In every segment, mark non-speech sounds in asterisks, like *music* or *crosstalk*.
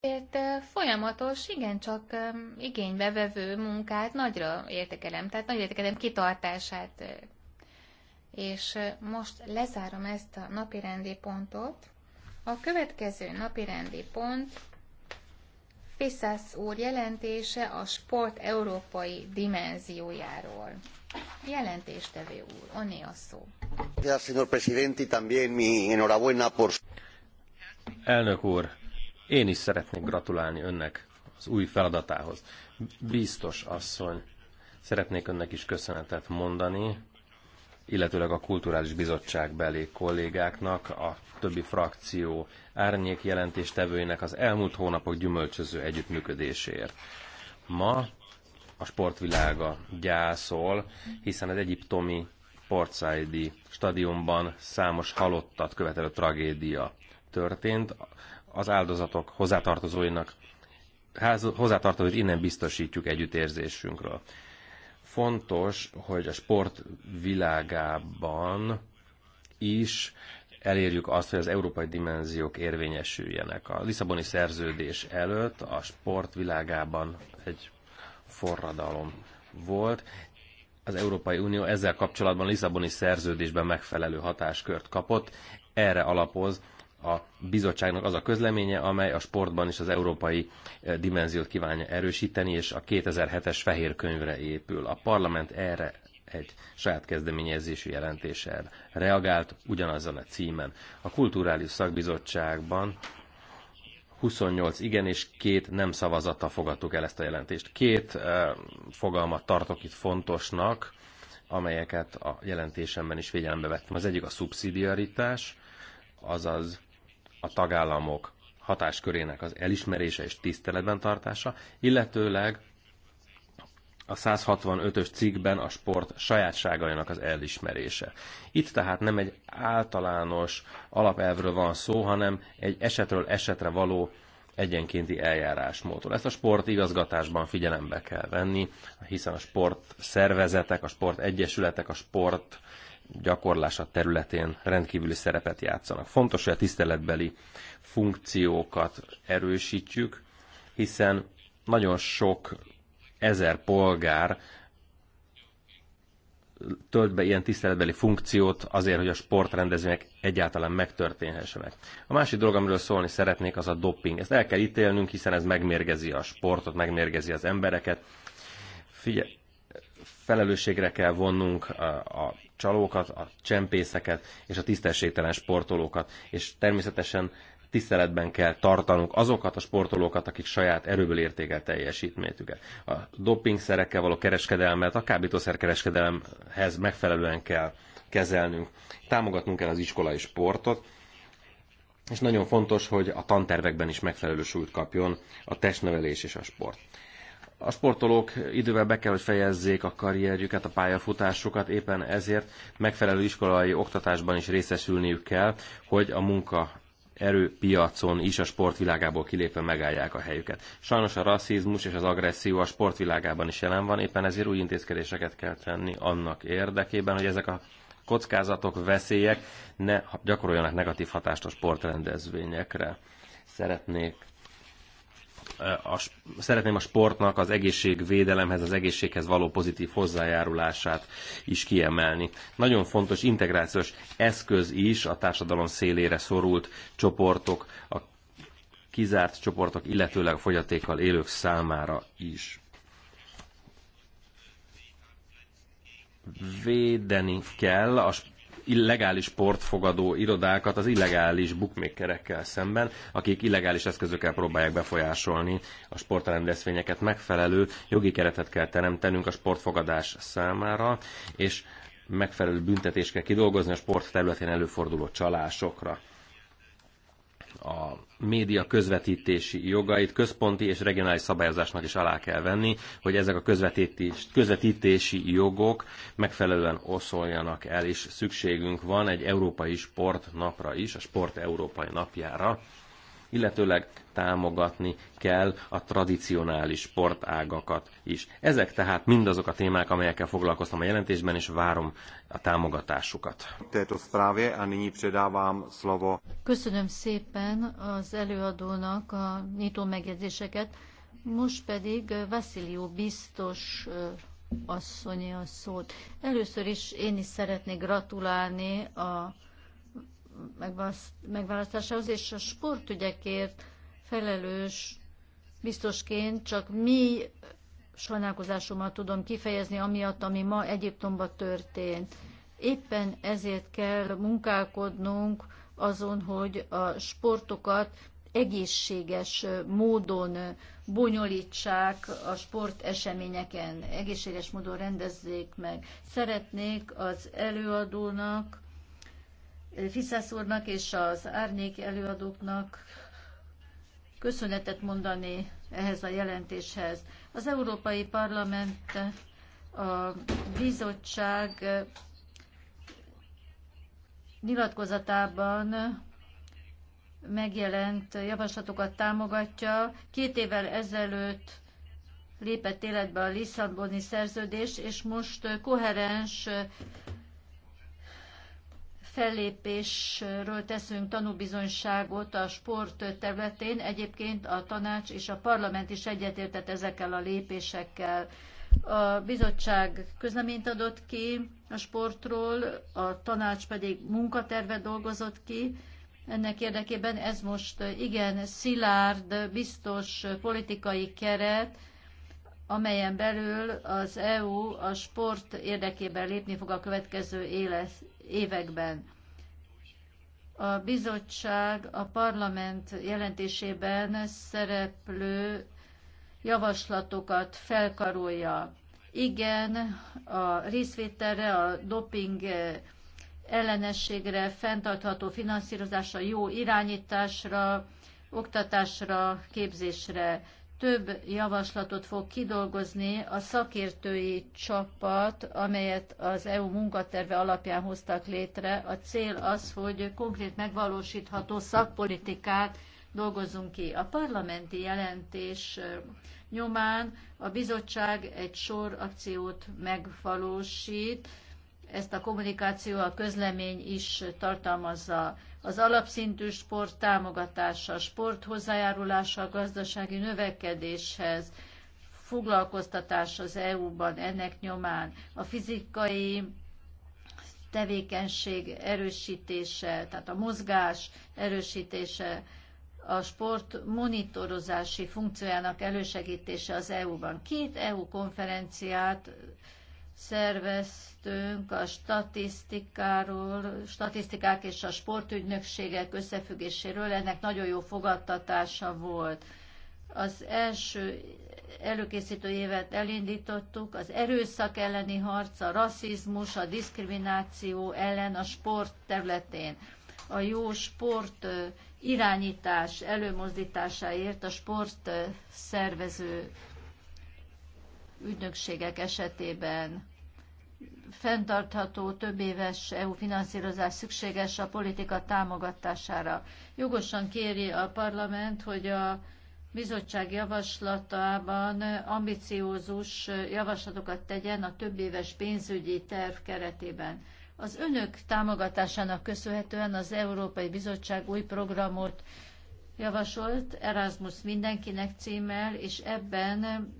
Ezért folyamatos, igencsak igénybevevő munkát nagyra értékelem, tehát nagy értekelem kitartását. És most lezárom ezt a napirendi pontot. A következő napirendi pont Fiszász úr jelentése a sport európai dimenziójáról. Jelentéstevő úr, onné a szó. Elnök úr, én is szeretnék gratulálni önnek az új feladatához. Biztos asszony, szeretnék önnek is köszönetet mondani, illetőleg a Kulturális Bizottság belé kollégáknak, a többi frakció árnyék jelentéstevőinek az elmúlt hónapok gyümölcsöző együttműködéséért. Ma a sportvilága gyászol, hiszen az egyiptomi portsaidi stadionban számos halottat követelő tragédia történt, az áldozatok hozzátartozóinak hozzátartozóit innen biztosítjuk együttérzésünkről. Fontos, hogy a sport világában is elérjük azt, hogy az európai dimenziók érvényesüljenek. A Lisszaboni szerződés előtt a sport világában egy forradalom volt. Az Európai Unió ezzel kapcsolatban a Lisszaboni szerződésben megfelelő hatáskört kapott, erre alapoz a bizottságnak az a közleménye, amely a sportban is az európai eh, dimenziót kívánja erősíteni, és a 2007-es fehér könyvre épül. A parlament erre egy saját kezdeményezésű jelentéssel reagált ugyanazzal a címen. A Kulturális Szakbizottságban 28 igen és két nem szavazattal fogadtuk el ezt a jelentést. Két e, fogalmat tartok itt fontosnak, amelyeket a jelentésemben is figyelembe vettem. Az egyik a szubszidiaritás, azaz a tagállamok hatáskörének az elismerése és tiszteletben tartása, illetőleg a 165-ös cikkben a sport sajátságainak az elismerése. Itt tehát nem egy általános alapelvről van szó, hanem egy esetről esetre való egyenkénti eljárásmódról. Ezt a sport igazgatásban figyelembe kell venni, hiszen a sport szervezetek, a sport egyesületek, a sport gyakorlása területén rendkívüli szerepet játszanak. Fontos, hogy a tiszteletbeli funkciókat erősítjük, hiszen nagyon sok ezer polgár tölt be ilyen tiszteletbeli funkciót azért, hogy a sportrendezvények egyáltalán megtörténhessenek. A másik dolog, amiről szólni szeretnék, az a doping. Ezt el kell ítélnünk, hiszen ez megmérgezi a sportot, megmérgezi az embereket. Figyelj, felelősségre kell vonnunk a csalókat, a csempészeket és a tisztességtelen sportolókat. És természetesen tiszteletben kell tartanunk azokat a sportolókat, akik saját erőből értékel teljesítményüket. A dopingszerekkel való kereskedelmet, a kábítószerkereskedelemhez megfelelően kell kezelnünk. Támogatnunk kell az iskolai sportot, és nagyon fontos, hogy a tantervekben is megfelelő súlyt kapjon a testnevelés és a sport. A sportolók idővel be kell, hogy fejezzék a karrierjüket, a pályafutásukat, éppen ezért megfelelő iskolai oktatásban is részesülniük kell, hogy a munka erőpiacon is a sportvilágából kilépve megállják a helyüket. Sajnos a rasszizmus és az agresszió a sportvilágában is jelen van, éppen ezért új intézkedéseket kell tenni annak érdekében, hogy ezek a kockázatok, veszélyek ne gyakoroljanak negatív hatást a sportrendezvényekre. Szeretnék a, szeretném a sportnak az egészségvédelemhez, az egészséghez való pozitív hozzájárulását is kiemelni. Nagyon fontos integrációs eszköz is a társadalom szélére szorult csoportok, a kizárt csoportok, illetőleg a fogyatékkal élők számára is. Védeni kell a illegális portfogadó irodákat az illegális bookmakerekkel szemben, akik illegális eszközökkel próbálják befolyásolni a sportrendezvényeket. Megfelelő jogi keretet kell teremtenünk a sportfogadás számára, és megfelelő büntetést kell kidolgozni a sport területén előforduló csalásokra a média közvetítési jogait központi és regionális szabályozásnak is alá kell venni, hogy ezek a közvetítés, közvetítési jogok megfelelően oszoljanak el, és szükségünk van egy európai sportnapra is, a Sport Európai Napjára, illetőleg támogatni kell a tradicionális sportágakat is. Ezek tehát mindazok a témák, amelyekkel foglalkoztam a jelentésben, és várom a támogatásukat. Köszönöm szépen az előadónak a nyitó megjegyzéseket, most pedig Vasilió biztos asszonyi a szót. Először is én is szeretnék gratulálni a megválasztásához, és a sportügyekért felelős biztosként csak mi sajnálkozásomat tudom kifejezni, amiatt, ami ma Egyiptomban történt. Éppen ezért kell munkálkodnunk azon, hogy a sportokat egészséges módon bonyolítsák a sporteseményeken, egészséges módon rendezzék meg. Szeretnék az előadónak Fiszász úrnak és az árnyék előadóknak köszönetet mondani ehhez a jelentéshez. Az Európai Parlament a bizottság nyilatkozatában megjelent javaslatokat támogatja. Két évvel ezelőtt lépett életbe a Lisszaboni szerződés, és most koherens fellépésről teszünk tanúbizonyságot a sport területén. Egyébként a tanács és a parlament is egyetértett ezekkel a lépésekkel. A bizottság közleményt adott ki a sportról, a tanács pedig munkaterve dolgozott ki. Ennek érdekében ez most igen szilárd, biztos politikai keret, amelyen belül az EU a sport érdekében lépni fog a következő éles, években. A bizottság a parlament jelentésében szereplő javaslatokat felkarolja. Igen, a részvételre, a doping ellenességre, fenntartható finanszírozásra, jó irányításra, oktatásra, képzésre több javaslatot fog kidolgozni a szakértői csapat, amelyet az EU munkaterve alapján hoztak létre. A cél az, hogy konkrét megvalósítható szakpolitikát dolgozzunk ki. A parlamenti jelentés nyomán a bizottság egy sor akciót megvalósít, ezt a kommunikáció, a közlemény is tartalmazza az alapszintű sport támogatása, a sport hozzájárulása a gazdasági növekedéshez, foglalkoztatás az EU-ban ennek nyomán, a fizikai tevékenység erősítése, tehát a mozgás erősítése, a sport monitorozási funkciójának elősegítése az EU-ban. Két EU konferenciát szerveztünk a statisztikáról, statisztikák és a sportügynökségek összefüggéséről, ennek nagyon jó fogadtatása volt. Az első előkészítő évet elindítottuk, az erőszak elleni harc, a rasszizmus, a diszkrimináció ellen a sport területén. A jó sport irányítás előmozdításáért a sport szervező ügynökségek esetében fenntartható többéves EU finanszírozás szükséges a politika támogatására. Jogosan kéri a parlament, hogy a bizottság javaslatában ambiciózus javaslatokat tegyen a többéves pénzügyi terv keretében. Az önök támogatásának köszönhetően az Európai Bizottság új programot javasolt, Erasmus mindenkinek címmel, és ebben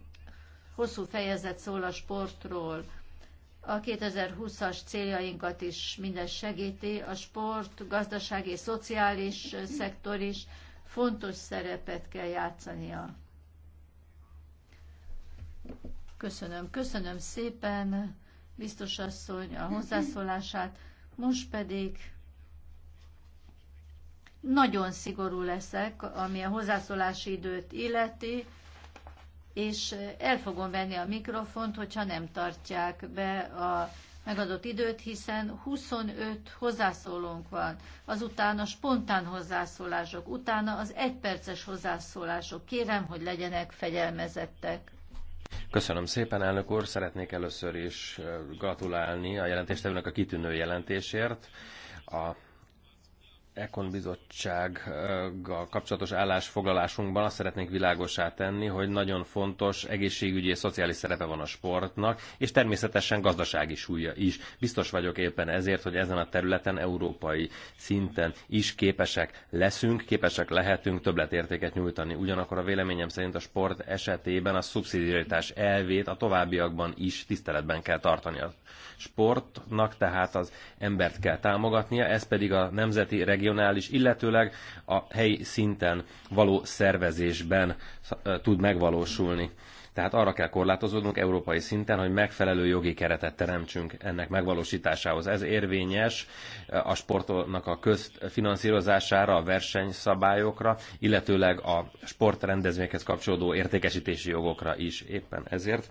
hosszú fejezet szól a sportról. A 2020-as céljainkat is minden segíti. A sport, gazdasági, szociális szektor is fontos szerepet kell játszania. Köszönöm, köszönöm szépen, biztos asszony, a hozzászólását. Most pedig nagyon szigorú leszek, ami a hozzászólási időt illeti és el fogom venni a mikrofont, hogyha nem tartják be a megadott időt, hiszen 25 hozzászólónk van, azután a spontán hozzászólások, utána az egyperces hozzászólások. Kérem, hogy legyenek fegyelmezettek. Köszönöm szépen, elnök úr. Szeretnék először is gratulálni a jelentéstevőnek a kitűnő jelentésért. A Ekon bizottsággal kapcsolatos állásfoglalásunkban azt szeretnénk világosá tenni, hogy nagyon fontos egészségügyi és szociális szerepe van a sportnak, és természetesen gazdasági súlya is. Biztos vagyok éppen ezért, hogy ezen a területen európai szinten is képesek leszünk, képesek lehetünk többletértéket nyújtani. Ugyanakkor a véleményem szerint a sport esetében a szubszidiaritás elvét a továbbiakban is tiszteletben kell tartani. A sportnak tehát az embert kell támogatnia, ez pedig a nemzeti, regionális regionális, illetőleg a helyi szinten való szervezésben tud megvalósulni. Tehát arra kell korlátozódnunk európai szinten, hogy megfelelő jogi keretet teremtsünk ennek megvalósításához. Ez érvényes a sportnak a közfinanszírozására, a versenyszabályokra, illetőleg a sportrendezvényekhez kapcsolódó értékesítési jogokra is. Éppen ezért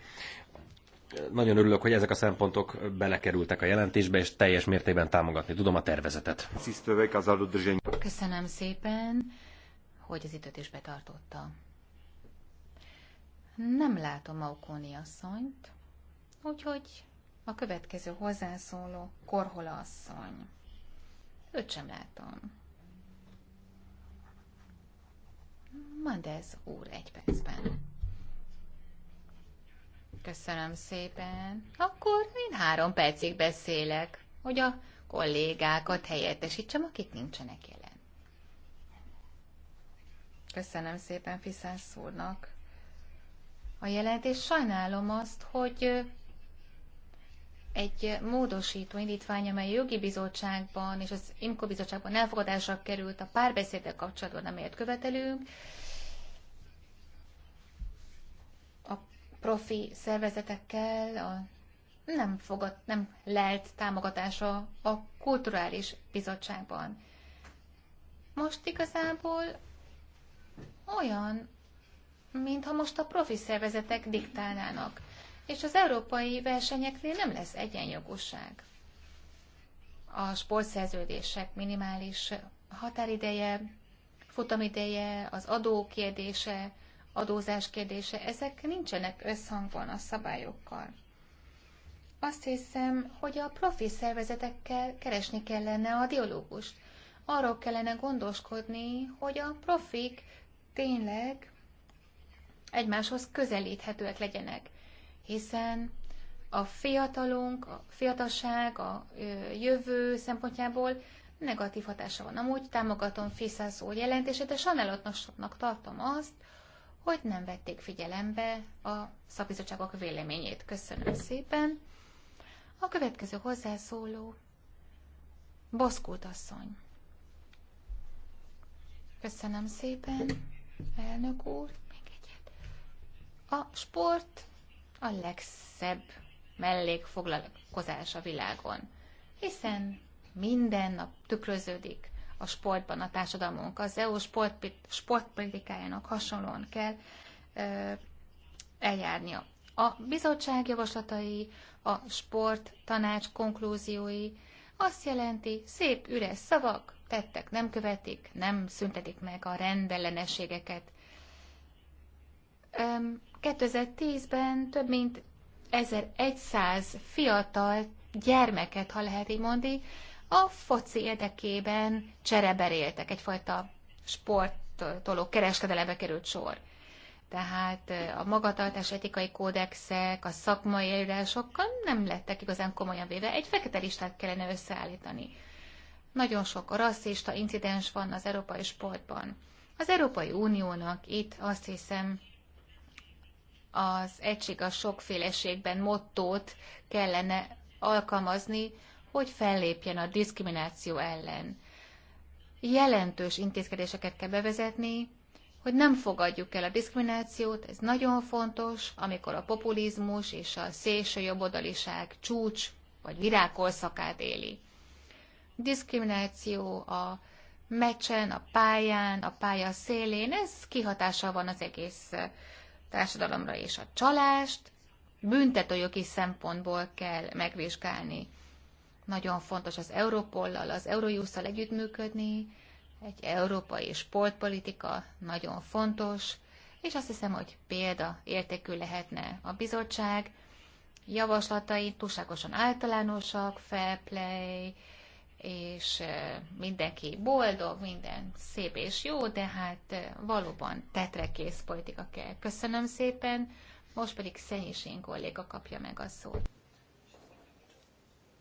nagyon örülök, hogy ezek a szempontok belekerültek a jelentésbe, és teljes mértékben támogatni tudom a tervezetet. Köszönöm szépen, hogy az időt is betartotta. Nem látom Aukóni asszonyt, úgyhogy a következő hozzászóló Korhola asszony. Őt sem látom. Mandez úr egy percben. Köszönöm szépen. Akkor én három percig beszélek, hogy a kollégákat helyettesítsem, akik nincsenek jelen. Köszönöm szépen Fiszász úrnak a jelentés. Sajnálom azt, hogy egy módosító indítvány, amely a jogi bizottságban és az imkó bizottságban elfogadásra került a párbeszéddel kapcsolatban, amelyet követelünk, profi szervezetekkel, a nem, fogad, nem lelt támogatása a kulturális bizottságban. Most igazából olyan, mintha most a profi szervezetek diktálnának, és az európai versenyeknél nem lesz egyenjogúság. A sportszerződések minimális határideje, futamideje, az adó kérdése, adózás kérdése, ezek nincsenek összhangban a szabályokkal. Azt hiszem, hogy a profi szervezetekkel keresni kellene a dialógust. Arról kellene gondoskodni, hogy a profik tényleg egymáshoz közelíthetőek legyenek, hiszen a fiatalunk, a fiatalság, a jövő szempontjából negatív hatása van. Amúgy támogatom Fiszászó jelentését, de sajnálatosnak tartom azt, hogy nem vették figyelembe a szakbizottságok véleményét. Köszönöm szépen. A következő hozzászóló Boszkút asszony. Köszönöm szépen, elnök úr. Még egyet. A sport a legszebb mellékfoglalkozás a világon, hiszen minden nap tükröződik a sportban a társadalmunk. Az EU sport, sportpolitikájának hasonlóan kell ö, eljárnia. A bizottság javaslatai, a sport tanács konklúziói azt jelenti, szép üres szavak, tettek nem követik, nem szüntetik meg a rendellenességeket. 2010-ben több mint 1100 fiatal gyermeket, ha lehet így mondani, a foci érdekében csereberéltek, egyfajta sporttoló kereskedelebe került sor. Tehát a magatartás etikai kódexek, a szakmai sokkal nem lettek igazán komolyan véve. Egy fekete listát kellene összeállítani. Nagyon sok rasszista incidens van az európai sportban. Az Európai Uniónak itt azt hiszem az egység a sokféleségben mottót kellene alkalmazni, hogy fellépjen a diszkrimináció ellen. Jelentős intézkedéseket kell bevezetni, hogy nem fogadjuk el a diszkriminációt, ez nagyon fontos, amikor a populizmus és a szélső jobboldaliság csúcs vagy virágkorszakát éli. Diszkrimináció a meccsen, a pályán, a pálya szélén, ez kihatással van az egész eh, társadalomra és a csalást büntetőjogi szempontból kell megvizsgálni. Nagyon fontos az Európollal, az Eurojusszal együttműködni, egy európai sportpolitika nagyon fontos, és azt hiszem, hogy példa értékű lehetne a bizottság. Javaslatai túlságosan általánosak, fair play, és eh, mindenki boldog, minden szép és jó, de hát eh, valóban tetrekész politika kell. Köszönöm szépen, most pedig Sén kolléga kapja meg a szót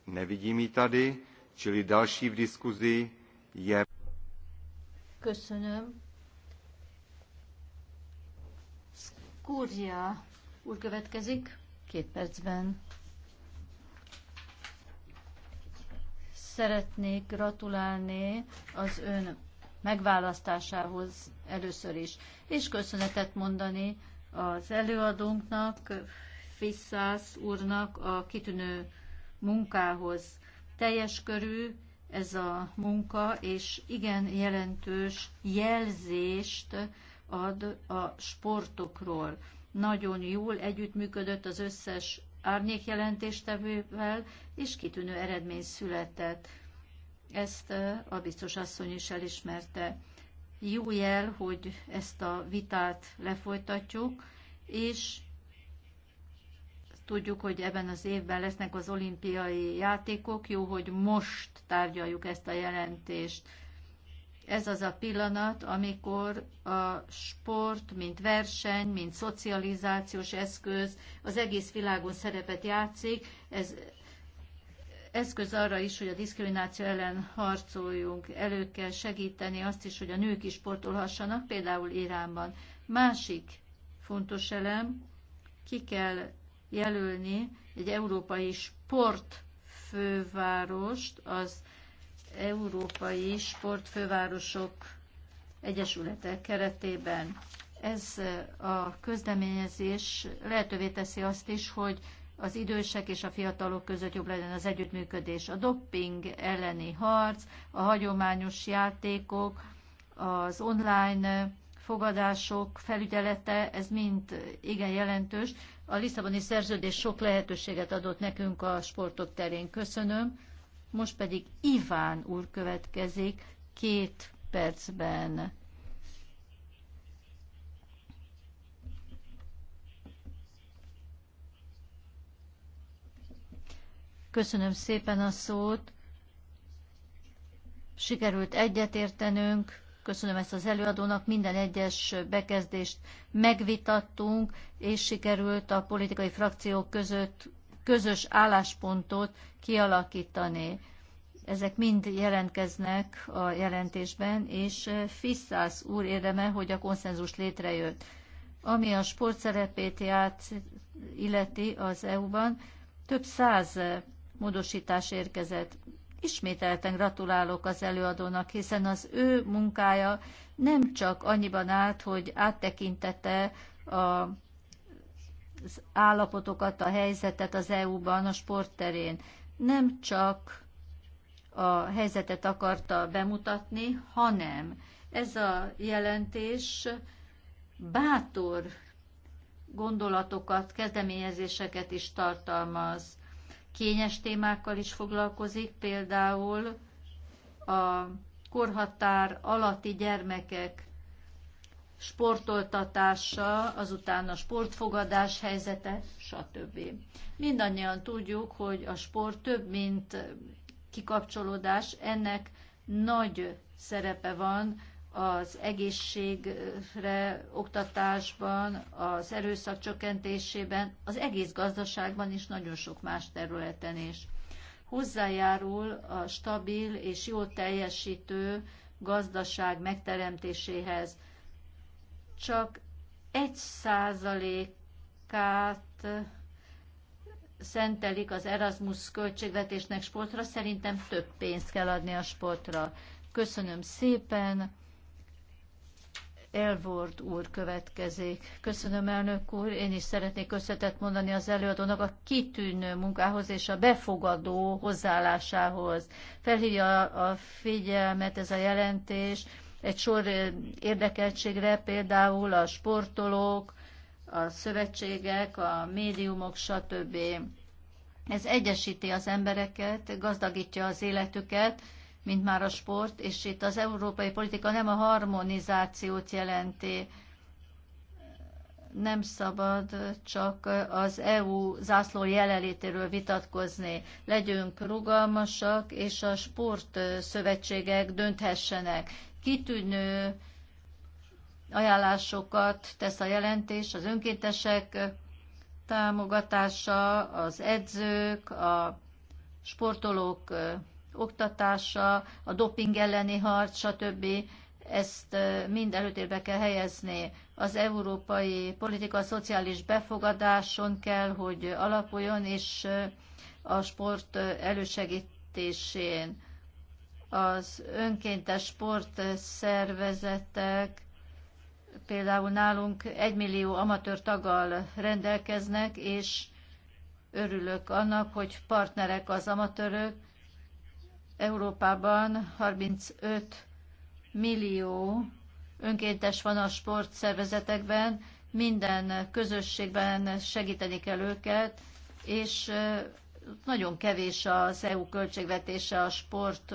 nevidím ji tady, čili další v diskuzi je... Köszönöm. Skúria úr következik, két percben. Szeretnék gratulálni az ön megválasztásához először is, és köszönetet mondani az előadónknak, Fisszász úrnak a kitűnő munkához. Teljes körű ez a munka, és igen jelentős jelzést ad a sportokról. Nagyon jól együttműködött az összes árnyékjelentéstevővel, és kitűnő eredmény született. Ezt a biztos asszony is elismerte. Jó jel, hogy ezt a vitát lefolytatjuk, és Tudjuk, hogy ebben az évben lesznek az olimpiai játékok. Jó, hogy most tárgyaljuk ezt a jelentést. Ez az a pillanat, amikor a sport, mint verseny, mint szocializációs eszköz az egész világon szerepet játszik. Ez eszköz arra is, hogy a diszkrimináció ellen harcoljunk. Elő kell segíteni azt is, hogy a nők is sportolhassanak, például Iránban. Másik fontos elem, ki kell jelölni egy európai sportfővárost az Európai Sportfővárosok Egyesülete keretében. Ez a közdeményezés lehetővé teszi azt is, hogy az idősek és a fiatalok között jobb legyen az együttműködés. A dopping elleni harc, a hagyományos játékok, az online fogadások felügyelete, ez mind igen jelentős. A Lisszaboni szerződés sok lehetőséget adott nekünk a sportok terén. Köszönöm. Most pedig Iván úr következik két percben. Köszönöm szépen a szót. Sikerült egyetértenünk Köszönöm ezt az előadónak, minden egyes bekezdést megvitattunk, és sikerült a politikai frakciók között közös álláspontot kialakítani. Ezek mind jelentkeznek a jelentésben, és Fisszász úr érdeme, hogy a konszenzus létrejött. Ami a sport szerepét ját, illeti az EU-ban, több száz módosítás érkezett. Ismételten gratulálok az előadónak, hiszen az ő munkája nem csak annyiban állt, hogy áttekintette a az állapotokat, a helyzetet az EU-ban a sportterén. Nem csak a helyzetet akarta bemutatni, hanem ez a jelentés bátor gondolatokat, kezdeményezéseket is tartalmaz kényes témákkal is foglalkozik, például a korhatár alatti gyermekek sportoltatása, azután a sportfogadás helyzete, stb. Mindannyian tudjuk, hogy a sport több, mint kikapcsolódás, ennek nagy szerepe van az egészségre, oktatásban, az erőszak csökkentésében, az egész gazdaságban és nagyon sok más területen is. Hozzájárul a stabil és jó teljesítő gazdaság megteremtéséhez. Csak egy százalékát szentelik az Erasmus költségvetésnek sportra, szerintem több pénzt kell adni a sportra. Köszönöm szépen! Elvord úr következik. Köszönöm, elnök úr. Én is szeretnék köszönetet mondani az előadónak a kitűnő munkához és a befogadó hozzáállásához. Felhívja a figyelmet ez a jelentés egy sor eh, érdekeltségre, például a sportolók, a szövetségek, a médiumok, stb. Ez egyesíti az embereket, gazdagítja az életüket, mint már a sport, és itt az európai politika nem a harmonizációt jelenti. Nem szabad csak az EU zászló jelenlétéről vitatkozni. Legyünk rugalmasak, és a sportszövetségek dönthessenek. Kitűnő ajánlásokat tesz a jelentés az önkéntesek támogatása, az edzők, a sportolók oktatása, a doping elleni harc, stb. Ezt mind előtérbe kell helyezni. Az európai politika a szociális befogadáson kell, hogy alapuljon, és a sport elősegítésén. Az önkéntes sportszervezetek például nálunk egymillió amatőr taggal rendelkeznek, és örülök annak, hogy partnerek az amatőrök, Európában 35 millió önkéntes van a sportszervezetekben, minden közösségben segíteni kell őket, és nagyon kevés az EU költségvetése a sport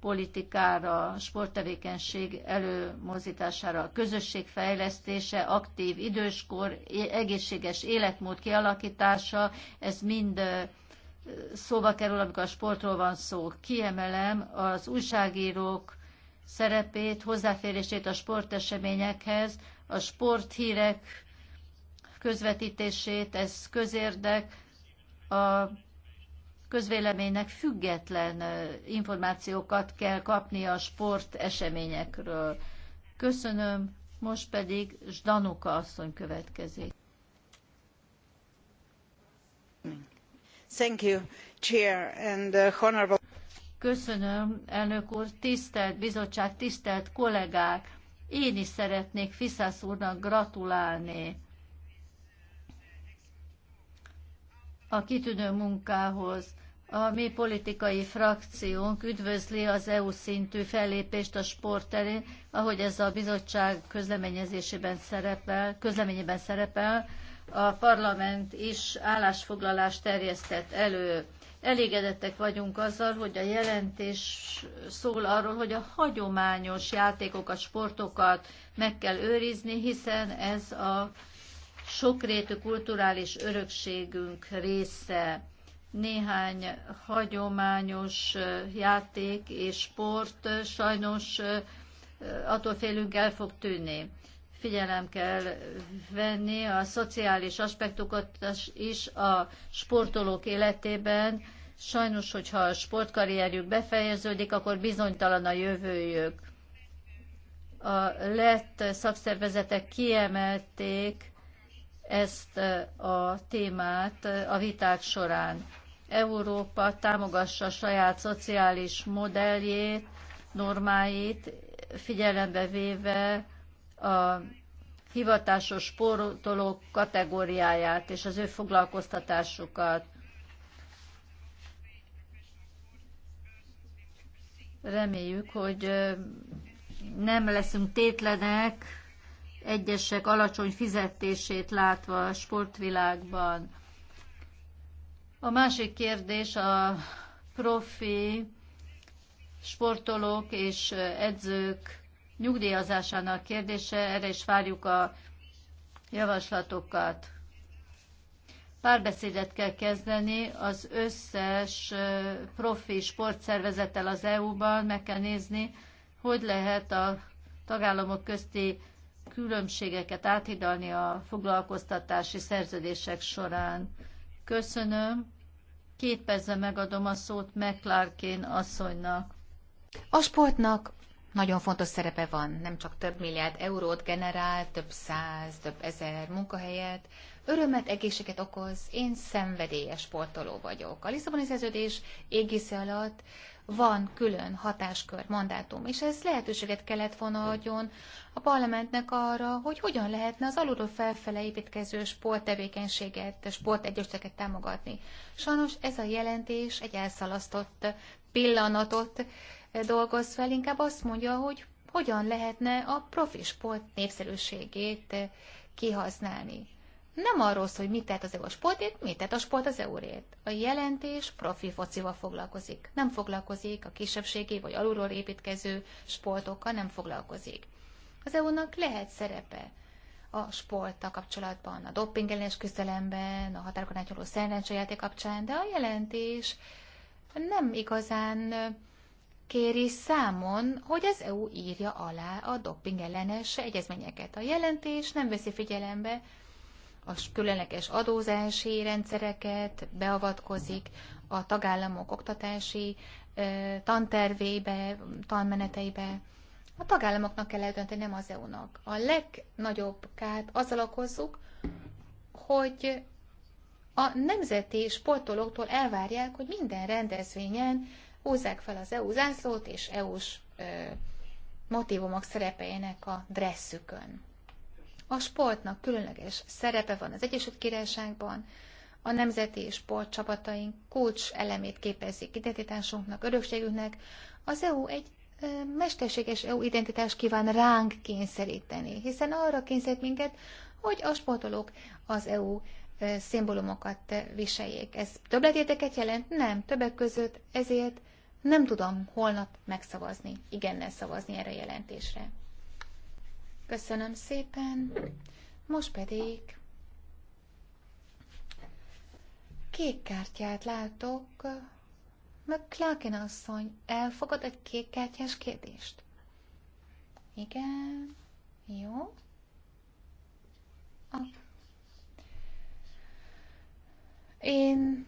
politikára, sporttevékenység előmozítására, a közösség fejlesztése, aktív időskor, egészséges életmód kialakítása, ez mind szóba kerül, amikor a sportról van szó. Kiemelem az újságírók szerepét, hozzáférését a sporteseményekhez, a sporthírek közvetítését, ez közérdek, a közvéleménynek független információkat kell kapni a sporteseményekről. Köszönöm, most pedig Zdanuka asszony következik. Uh, Köszönöm, elnök úr, tisztelt bizottság, tisztelt kollégák! Én is szeretnék Fiszász úrnak gratulálni a kitűnő munkához. A mi politikai frakciónk üdvözli az EU szintű fellépést a sport terén, ahogy ez a bizottság közleményezésében szerepel, közleményében szerepel, a parlament is állásfoglalást terjesztett elő. Elégedettek vagyunk azzal, hogy a jelentés szól arról, hogy a hagyományos játékokat, sportokat meg kell őrizni, hiszen ez a sokrétű kulturális örökségünk része. Néhány hagyományos játék és sport sajnos attól félünk el fog tűnni figyelem kell venni a szociális aspektukat is a sportolók életében. Sajnos, hogyha a sportkarrierjük befejeződik, akkor bizonytalan a jövőjük. A lett szakszervezetek kiemelték ezt a témát a viták során. Európa támogassa saját szociális modelljét, normáit, figyelembe véve a hivatásos sportolók kategóriáját és az ő foglalkoztatásukat. Reméljük, hogy nem leszünk tétlenek egyesek alacsony fizetését látva a sportvilágban. A másik kérdés a profi sportolók és edzők nyugdíjazásának kérdése, erre is várjuk a javaslatokat. Párbeszédet kell kezdeni az összes profi sportszervezettel az EU-ban, meg kell nézni, hogy lehet a tagállamok közti különbségeket áthidalni a foglalkoztatási szerződések során. Köszönöm. Két percben megadom a szót McClarkin asszonynak. A sportnak nagyon fontos szerepe van, nem csak több milliárd eurót generál, több száz, több ezer munkahelyet, örömet, egészséget okoz, én szenvedélyes sportoló vagyok. A Lisszaboni szerződés égisze alatt van külön hatáskör, mandátum, és ez lehetőséget kellett volna adjon a parlamentnek arra, hogy hogyan lehetne az alulról felfele építkező sporttevékenységet, sportegyeseket támogatni. Sajnos ez a jelentés egy elszalasztott pillanatot dolgoz fel, inkább azt mondja, hogy hogyan lehetne a profi sport népszerűségét eh, kihasználni. Nem arról szól, hogy mit tett az EU a sportért, mit tett a sport az EU-ért. A jelentés profi focival foglalkozik. Nem foglalkozik a kisebbségi vagy alulról építkező sportokkal, nem foglalkozik. Az EU-nak lehet szerepe a sporttal kapcsolatban, a dopping ellenes küzdelemben, a határokon átnyúló szerencsejáték kapcsán, de a jelentés nem igazán eh, kéri számon, hogy az EU írja alá a dopping ellenes egyezményeket. A jelentés nem veszi figyelembe a különleges adózási rendszereket, beavatkozik a tagállamok oktatási tantervébe, tanmeneteibe. A tagállamoknak kell eldönteni, nem az EU-nak. A legnagyobb kárt azzal okozzuk, hogy a nemzeti sportolóktól elvárják, hogy minden rendezvényen húzzák fel az EU zászlót, és EU-s motivumok szerepeljenek a dresszükön. A sportnak különleges szerepe van az Egyesült Királyságban, a nemzeti sportcsapataink kulcs elemét képezik identitásunknak, örökségünknek. Az EU egy mesterséges EU identitást kíván ránk kényszeríteni, hiszen arra kényszerít minket, hogy a sportolók az EU szimbólumokat viseljék. Ez többletérteket jelent? Nem. Többek között ezért nem tudom holnap megszavazni, igennel szavazni erre a jelentésre. Köszönöm szépen, most pedig kék kártyát látok. Klákin asszony, elfogad egy kék kártyás kérdést? Igen, jó. A... Én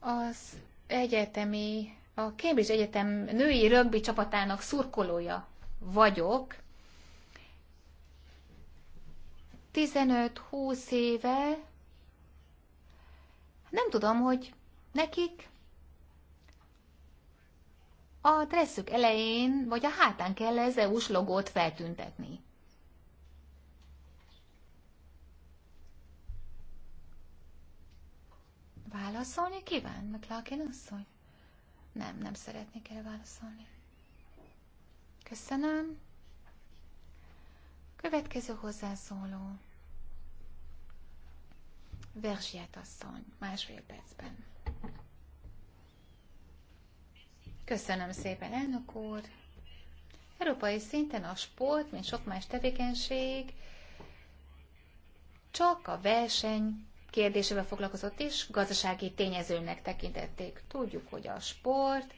az egyetemi, a Cambridge Egyetem női rögbi csapatának szurkolója vagyok. 15-20 éve nem tudom, hogy nekik a dresszük elején vagy a hátán kell ez EU-s logót feltüntetni. Válaszolni kíván, McLaughlin asszony? Nem, nem szeretnék erre válaszolni. Köszönöm. Következő hozzászóló. Versiát asszony, másfél percben. Köszönöm szépen, elnök úr. Európai szinten a sport, mint sok más tevékenység, csak a verseny kérdésével foglalkozott, is gazdasági tényezőnek tekintették. Tudjuk, hogy a sport,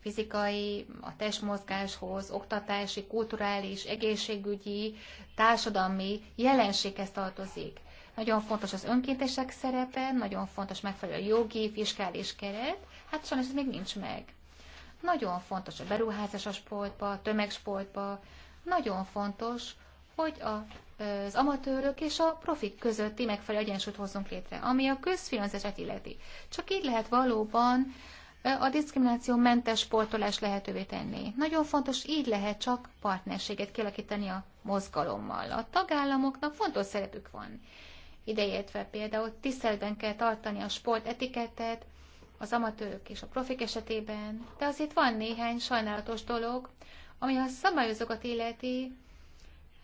fizikai, a testmozgáshoz, oktatási, kulturális, egészségügyi, társadalmi jelenséghez tartozik. Nagyon fontos az önkéntesek szerepe, nagyon fontos megfelelő jogi, fiskális keret, hát sajnos ez még nincs meg. Nagyon fontos a beruházás a sportba, a tömegsportba, nagyon fontos hogy a, az amatőrök és a profik közötti megfelelő egyensúlyt hozzunk létre, ami a közfinanszírozását illeti. Csak így lehet valóban a diszkrimináció mentes sportolás lehetővé tenni. Nagyon fontos, így lehet csak partnerséget kialakítani a mozgalommal. A tagállamoknak fontos szerepük van. Ideértve például tiszteletben kell tartani a sport etiketet, az amatőrök és a profik esetében, de azért van néhány sajnálatos dolog, ami a szabályozókat illeti,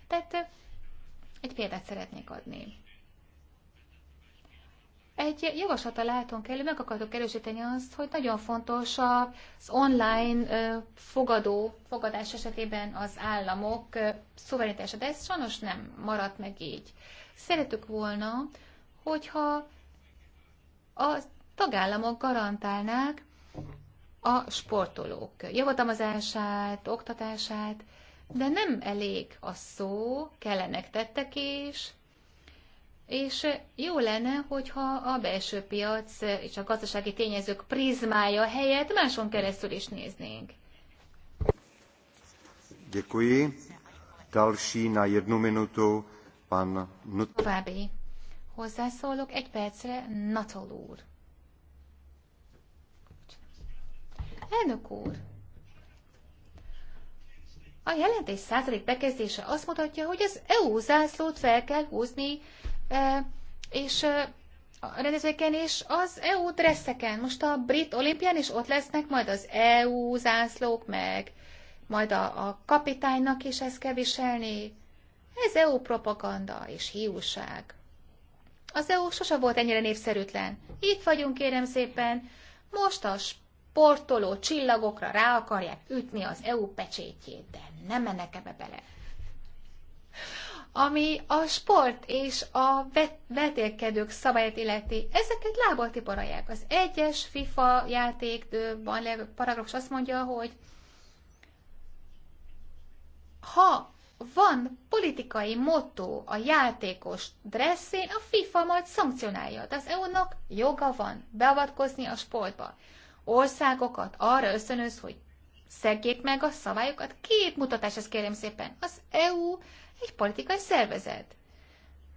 tehát egy példát szeretnék adni. Egy javaslata látunk elő, meg akartok erősíteni azt, hogy nagyon fontos az online fogadó, fogadás esetében az államok szuverenitása, de ez sajnos nem maradt meg így. Szeretük volna, hogyha a tagállamok garantálnák a sportolók javadalmazását, oktatását, de nem elég a szó, kellenek tettek is, és jó lenne, hogyha a belső piac és a gazdasági tényezők prizmája helyett máson keresztül is néznénk. Děkuji. Další na jednu minutu pan Nut. További hozzászólok egy percre Natal úr. Elnök úr, a jelentés százalék bekezdése azt mutatja, hogy az EU zászlót fel kell húzni, e, és e, a rendezvényeken és az EU dresszeken. Most a brit olimpián is ott lesznek majd az EU zászlók, meg majd a, a kapitánynak is ezt kell viselni. Ez EU propaganda és hiúság. Az EU sose volt ennyire népszerűtlen. Itt vagyunk, kérem szépen. Most a sportoló csillagokra rá akarják ütni az EU pecsétjét, de nem mennek ebbe bele. Ami a sport és a vetélkedők szabályát illeti, ezeket lábbal tiparolják. Az egyes FIFA játékban paragrafus azt mondja, hogy ha van politikai motto a játékos dresszén, a FIFA majd szankcionálja, de az EU-nak joga van beavatkozni a sportba országokat arra összönöz, hogy szegjék meg a szabályokat. Két mutatás, ezt kérem szépen. Az EU egy politikai szervezet.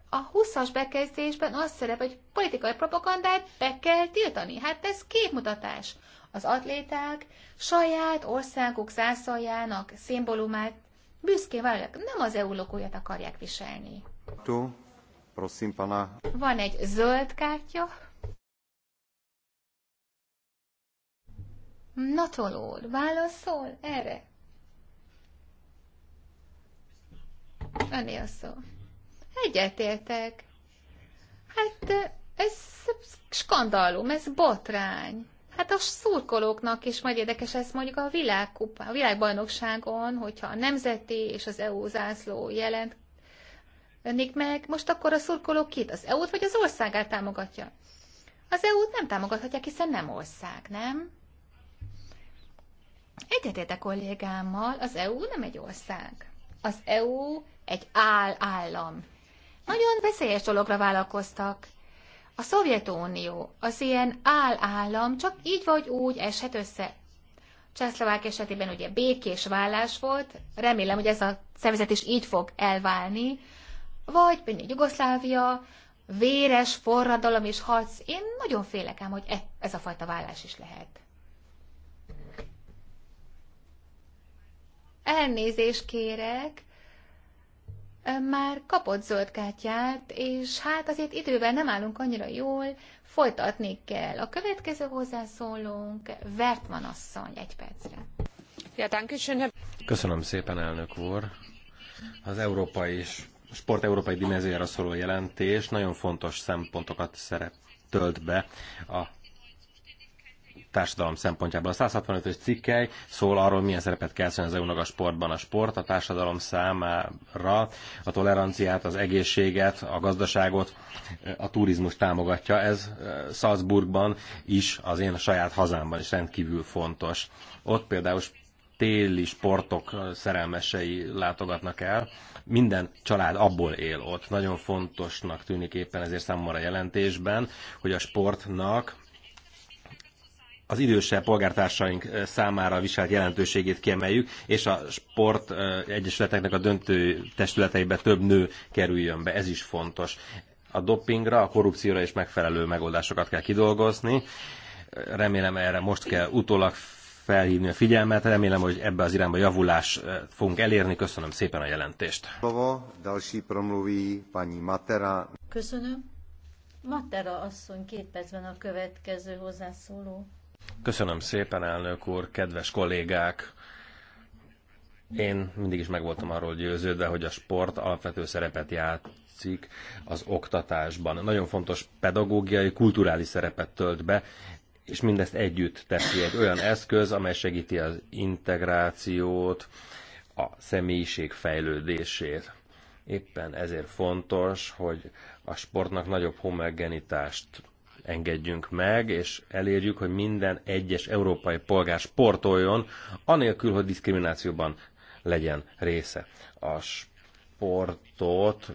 A 20-as bekezdésben az szerepel, hogy politikai propagandát be kell tiltani. Hát ez képmutatás. Az atléták saját országuk zászoljának szimbólumát büszkén vállalják, nem az EU lokóját akarják viselni. Tú, prosím, pana. Van egy zöld kártya. Na tolód, válaszol erre? Ennyi a szó. Egyetértek. Hát ez skandalum, ez botrány. Hát a szurkolóknak is majd érdekes ez mondjuk a, világkupa, a világbajnokságon, hogyha a nemzeti és az EU zászló jelent Önik meg, most akkor a szurkolók kit? Az EU-t vagy az országát támogatja? Az EU-t nem támogathatják, hiszen nem ország, nem? Egyetért a kollégámmal, az EU nem egy ország. Az EU egy áll állam. Nagyon veszélyes dologra vállalkoztak. A Szovjetunió, az ilyen állam csak így vagy úgy eshet össze. Csehszlovák esetében ugye békés vállás volt, remélem, hogy ez a szervezet is így fog elválni, vagy például Jugoszlávia, véres forradalom és harc, én nagyon félek ám, hogy e- ez a fajta vállás is lehet. Elnézést kérek, már kapott zöld kártyát, és hát azért idővel nem állunk annyira jól, folytatni kell. A következő hozzászólónk Vertman asszony, egy percre. Köszönöm szépen, elnök úr. Az európai sport európai dimenziójára szóló jelentés nagyon fontos szempontokat szerep tölt be a társadalom szempontjából. A 165-ös cikkely szól arról, milyen szerepet kell az eu a sportban. A sport a társadalom számára a toleranciát, az egészséget, a gazdaságot, a turizmus támogatja. Ez Salzburgban is, az én saját hazámban is rendkívül fontos. Ott például téli sportok szerelmesei látogatnak el. Minden család abból él ott. Nagyon fontosnak tűnik éppen ezért számomra a jelentésben, hogy a sportnak az idősebb polgártársaink számára viselt jelentőségét kiemeljük, és a sport egyesületeknek a döntő testületeibe több nő kerüljön be. Ez is fontos. A dopingra, a korrupcióra is megfelelő megoldásokat kell kidolgozni. Remélem erre most kell utólag felhívni a figyelmet. Remélem, hogy ebbe az irányba javulás fogunk elérni. Köszönöm szépen a jelentést. Köszönöm. Matera asszony két percben a következő hozzászóló. Köszönöm szépen, elnök úr, kedves kollégák! Én mindig is megvoltam arról győződve, hogy a sport alapvető szerepet játszik az oktatásban. Nagyon fontos pedagógiai, kulturális szerepet tölt be, és mindezt együtt teszi egy olyan eszköz, amely segíti az integrációt, a személyiség fejlődését. Éppen ezért fontos, hogy a sportnak nagyobb homogenitást engedjünk meg, és elérjük, hogy minden egyes európai polgár sportoljon, anélkül, hogy diszkriminációban legyen része. A sportot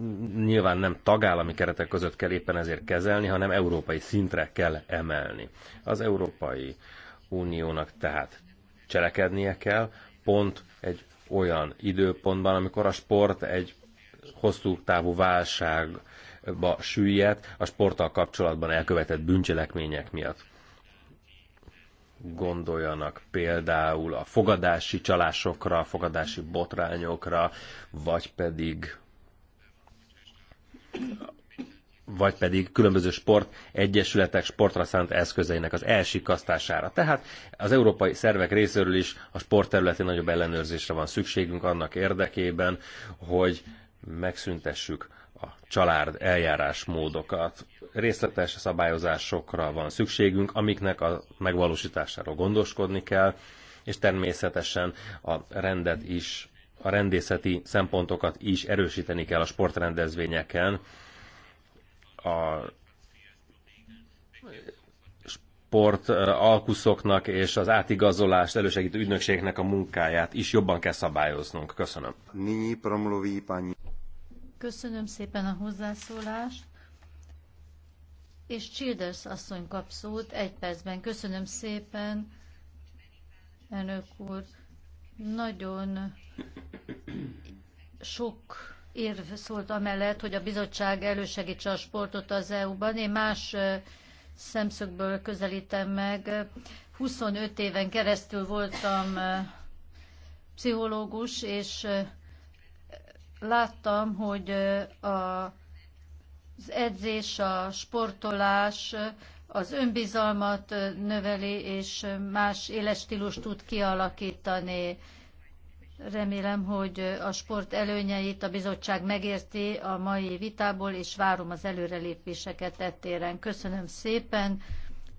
mm, nyilván nem tagállami keretek között kell éppen ezért kezelni, hanem európai szintre kell emelni. Az Európai Uniónak tehát cselekednie kell, pont egy olyan időpontban, amikor a sport egy hosszú távú válság ba süllyed a sporttal kapcsolatban elkövetett bűncselekmények miatt. Gondoljanak például a fogadási csalásokra, a fogadási botrányokra, vagy pedig vagy pedig különböző sport egyesületek sportra szánt eszközeinek az elsikasztására. Tehát az európai szervek részéről is a sport területén nagyobb ellenőrzésre van szükségünk annak érdekében, hogy megszüntessük a család eljárásmódokat. Részletes szabályozásokra van szükségünk, amiknek a megvalósításáról gondoskodni kell, és természetesen a rendet is, a rendészeti szempontokat is erősíteni kell a sportrendezvényeken. A sport alkuszoknak és az átigazolást elősegítő ügynökségnek a munkáját is jobban kell szabályoznunk. Köszönöm. Nyní promluví pani. Köszönöm szépen a hozzászólást. És Childers asszony kap szót egy percben. Köszönöm szépen, elnök úr. Nagyon sok érv szólt amellett, hogy a bizottság elősegítse a sportot az EU-ban. Én más szemszögből közelítem meg. 25 éven keresztül voltam pszichológus, és láttam, hogy az edzés, a sportolás az önbizalmat növeli, és más éles tud kialakítani. Remélem, hogy a sport előnyeit a bizottság megérti a mai vitából, és várom az előrelépéseket ettéren. Köszönöm szépen,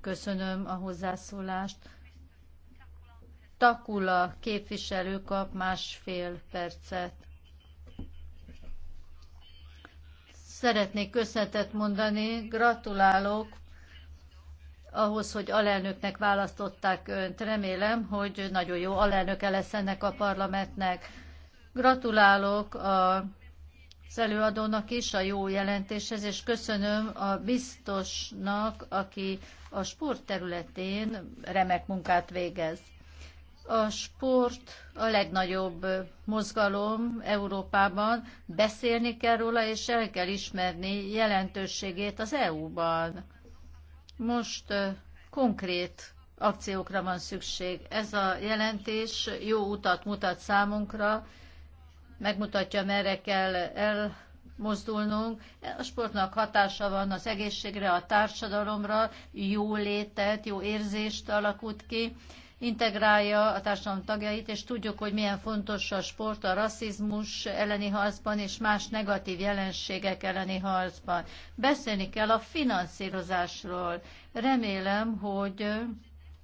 köszönöm a hozzászólást. Takula képviselő kap másfél percet. szeretnék köszönetet mondani, gratulálok ahhoz, hogy alelnöknek választották önt. Remélem, hogy nagyon jó alelnöke lesz ennek a parlamentnek. Gratulálok a az előadónak is a jó jelentéshez, és köszönöm a biztosnak, aki a sport területén remek munkát végez. A sport a legnagyobb mozgalom Európában, beszélni kell róla, és el kell ismerni jelentőségét az EU-ban. Most konkrét akciókra van szükség. Ez a jelentés jó utat mutat számunkra, megmutatja, merre kell elmozdulnunk. A sportnak hatása van az egészségre, a társadalomra, jó létet, jó érzést alakult ki integrálja a társadalom tagjait, és tudjuk, hogy milyen fontos a sport a rasszizmus elleni harcban és más negatív jelenségek elleni harcban. Beszélni kell a finanszírozásról. Remélem, hogy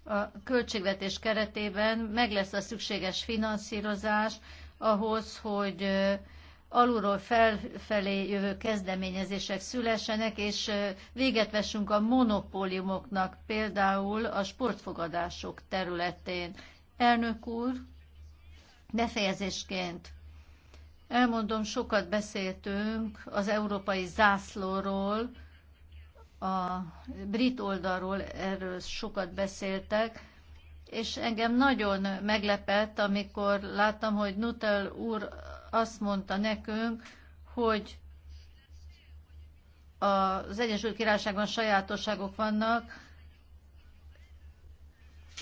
a költségvetés keretében meg lesz a szükséges finanszírozás ahhoz, hogy alulról felfelé jövő kezdeményezések szülessenek, és véget vessünk a monopóliumoknak, például a sportfogadások területén. Elnök úr, befejezésként elmondom, sokat beszéltünk az európai zászlóról, a brit oldalról erről sokat beszéltek, és engem nagyon meglepett, amikor láttam, hogy Nutel úr azt mondta nekünk, hogy az Egyesült Királyságban sajátosságok vannak,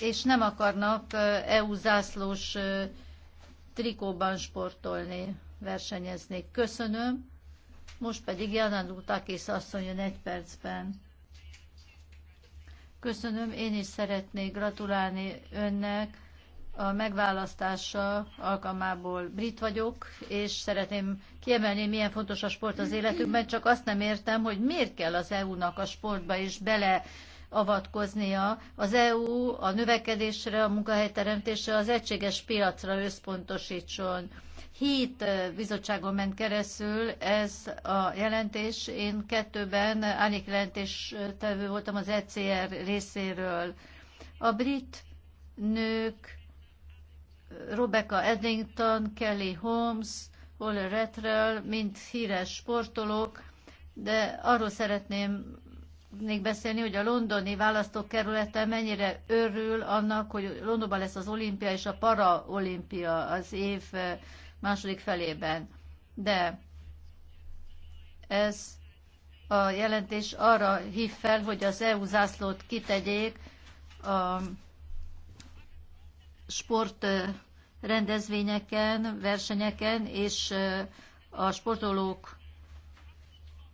és nem akarnak EU zászlós trikóban sportolni, versenyezni. Köszönöm. Most pedig Janandú Takis asszony jön egy percben. Köszönöm, én is szeretnék gratulálni önnek a megválasztása alkalmából brit vagyok, és szeretném kiemelni, milyen fontos a sport az életükben, csak azt nem értem, hogy miért kell az EU-nak a sportba is bele avatkoznia. Az EU a növekedésre, a munkahelyteremtésre, az egységes piacra összpontosítson. Hét bizottságon ment keresztül ez a jelentés. Én kettőben jelentés jelentéstevő voltam az ECR részéről. A brit nők Rebecca Eddington, Kelly Holmes, Ole Retrell, mind híres sportolók, de arról szeretném még beszélni, hogy a londoni választókerülete mennyire örül annak, hogy Londonban lesz az olimpia és a paraolimpia az év eh, második felében. De ez a jelentés arra hív fel, hogy az EU zászlót kitegyék a sport rendezvényeken, versenyeken és a sportolók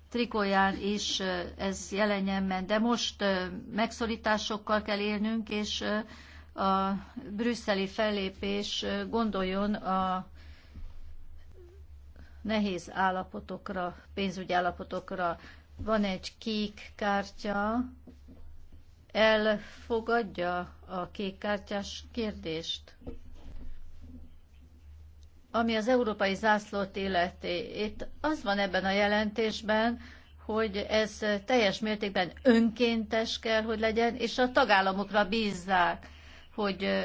trikóján is ez jelenjen ment. De most megszorításokkal kell élnünk, és a brüsszeli fellépés gondoljon a nehéz állapotokra, pénzügyi állapotokra. Van egy kék kártya elfogadja a kékkártyás kérdést? Ami az európai zászlót illeti, itt az van ebben a jelentésben, hogy ez teljes mértékben önkéntes kell, hogy legyen, és a tagállamokra bízzák, hogy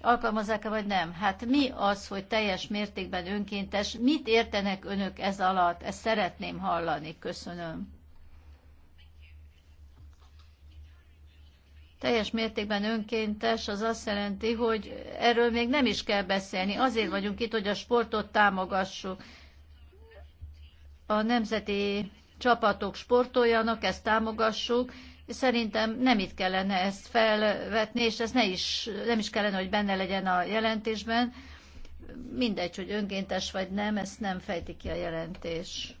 alkalmazzák-e vagy nem. Hát mi az, hogy teljes mértékben önkéntes? Mit értenek önök ez alatt? Ezt szeretném hallani. Köszönöm. teljes mértékben önkéntes, az azt jelenti, hogy erről még nem is kell beszélni. Azért vagyunk itt, hogy a sportot támogassuk. A nemzeti csapatok sportoljanak, ezt támogassuk, szerintem nem itt kellene ezt felvetni, és ez ne is, nem is kellene, hogy benne legyen a jelentésben. Mindegy, hogy önkéntes vagy nem, ezt nem fejti ki a jelentés.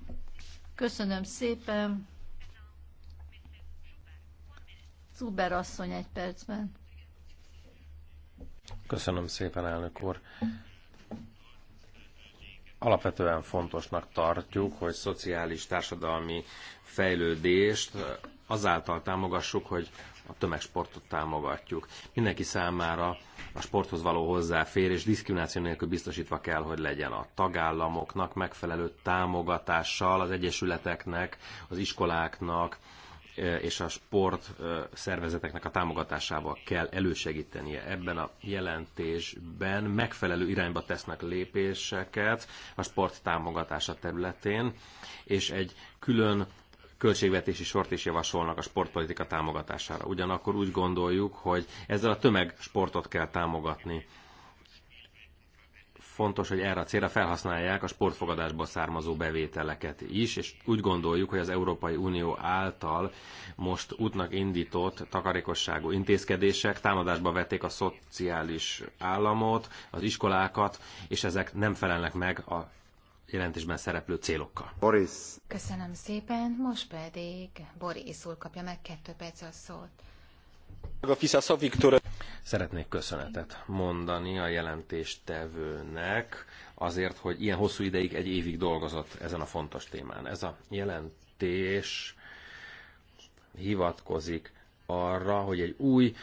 Köszönöm szépen. Zuber asszony egy percben. Köszönöm szépen, elnök úr. Alapvetően fontosnak tartjuk, hogy szociális társadalmi fejlődést azáltal támogassuk, hogy a tömegsportot támogatjuk. Mindenki számára a sporthoz való hozzáfér, és diszkrimináció nélkül biztosítva kell, hogy legyen a tagállamoknak megfelelő támogatással, az egyesületeknek, az iskoláknak, és a sport szervezeteknek a támogatásával kell elősegítenie. Ebben a jelentésben megfelelő irányba tesznek lépéseket a sport támogatása területén, és egy külön költségvetési sort is javasolnak a sportpolitika támogatására. Ugyanakkor úgy gondoljuk, hogy ezzel a tömegsportot kell támogatni fontos, hogy erre a célra felhasználják a sportfogadásból származó bevételeket is, és úgy gondoljuk, hogy az Európai Unió által most útnak indított takarékosságú intézkedések támadásba vették a szociális államot, az iskolákat, és ezek nem felelnek meg a jelentésben szereplő célokkal. Boris. Köszönöm szépen, most pedig Boris úr kapja meg kettő perc a szót. Szeretnék köszönetet mondani a jelentéstevőnek azért, hogy ilyen hosszú ideig, egy évig dolgozott ezen a fontos témán. Ez a jelentés hivatkozik arra, hogy egy új,